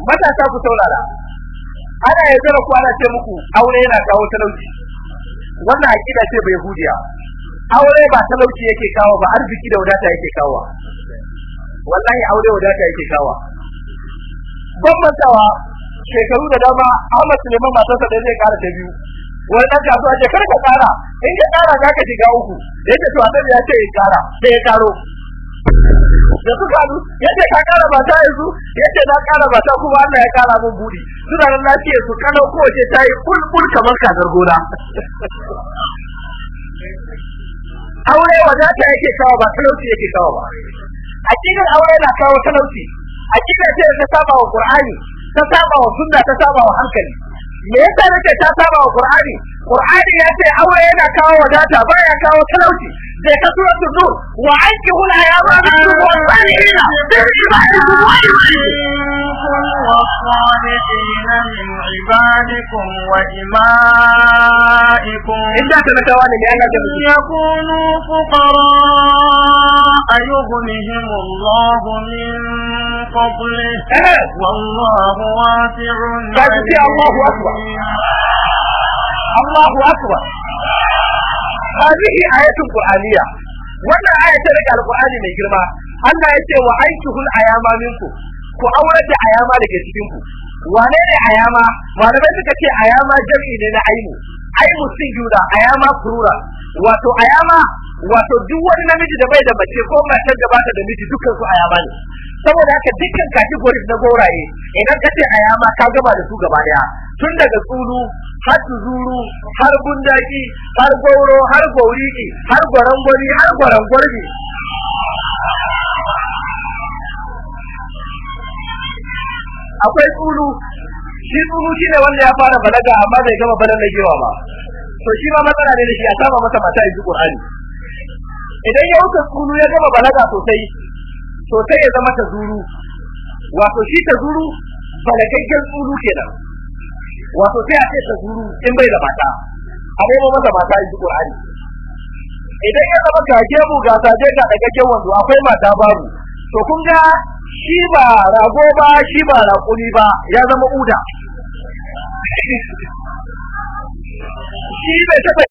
matasa ku saurara ana yanzu da ku ce muku aure yana kawo talauci wannan aqida ce bai hudiya aure ba talauci yake kawo ba arziki da wadata yake kawo wallahi aure wadata yake kawo tawa shekaru da dama Ahmad Suleiman ba da zai kara ta biyu wani ɗan kasuwa ce kar ka kara in ka kara za ka shiga uku da yake to annabi ya ce ya kara sai ya karo da suka hadu yace ka kara mata yanzu yace na kara mata kuma Allah ya kara mun buri suna nan lafiya su kana ko ce tayi kulkul kamar kadar gona aure ta yake kawo ba talauci yake kawo ba akidar aure na kawo talauci akidar sai ta saba wa qur'ani ta saba wa sunna ta saba wa hankali me yasa nake ta saba wa Qur'ani Qur'ani ya ce aure yana kawo wadata ya kawo talauci sai ka su tu wa aiki hula ya ba su tu wa ba والصالحين من عبادكم وإمائكم إن يكونوا فقراء يغنهم الله من فضله والله واسع الله أكبر الله أكبر هذه آية قرآنية wannan آية ta القرآن من mai girma Allah ya ce wa aituhul ayama minku ku aure da ayama daga cikin ku wane ne ayama malamai suka ce ayama jami'i ne na aimu aimu singular ayama kurura. wato ayama wato duk wani namiji da bai da mace ko matar da bata da miji dukkan su ayama ne saboda haka dukkan categories na goraye idan ka ce ayama ka gaba da su gaba daya tun daga tsulu har zuru har bundaki har gauro har gauriki har gwarangwari har gwarangwari akwai tsulu shi tsulu ne wanda ya fara balaga amma bai gama balagewa ba to shi ma matsala ne da shi a saba masa mata yanzu Qur'ani idan ya wuce tsulu ya gama balaga sosai sosai ya zama ta zuru wato shi ta zuru balagaggen tsulu kenan wato sai a ce ta zuru in bai da mata a nemo masa mata yanzu Qur'ani idan ya zama kage mu ga saje ga dagaggen wando akwai mata babu to kun ga shi ba rago ba shi ba raƙumi ba ya zama uda shi bai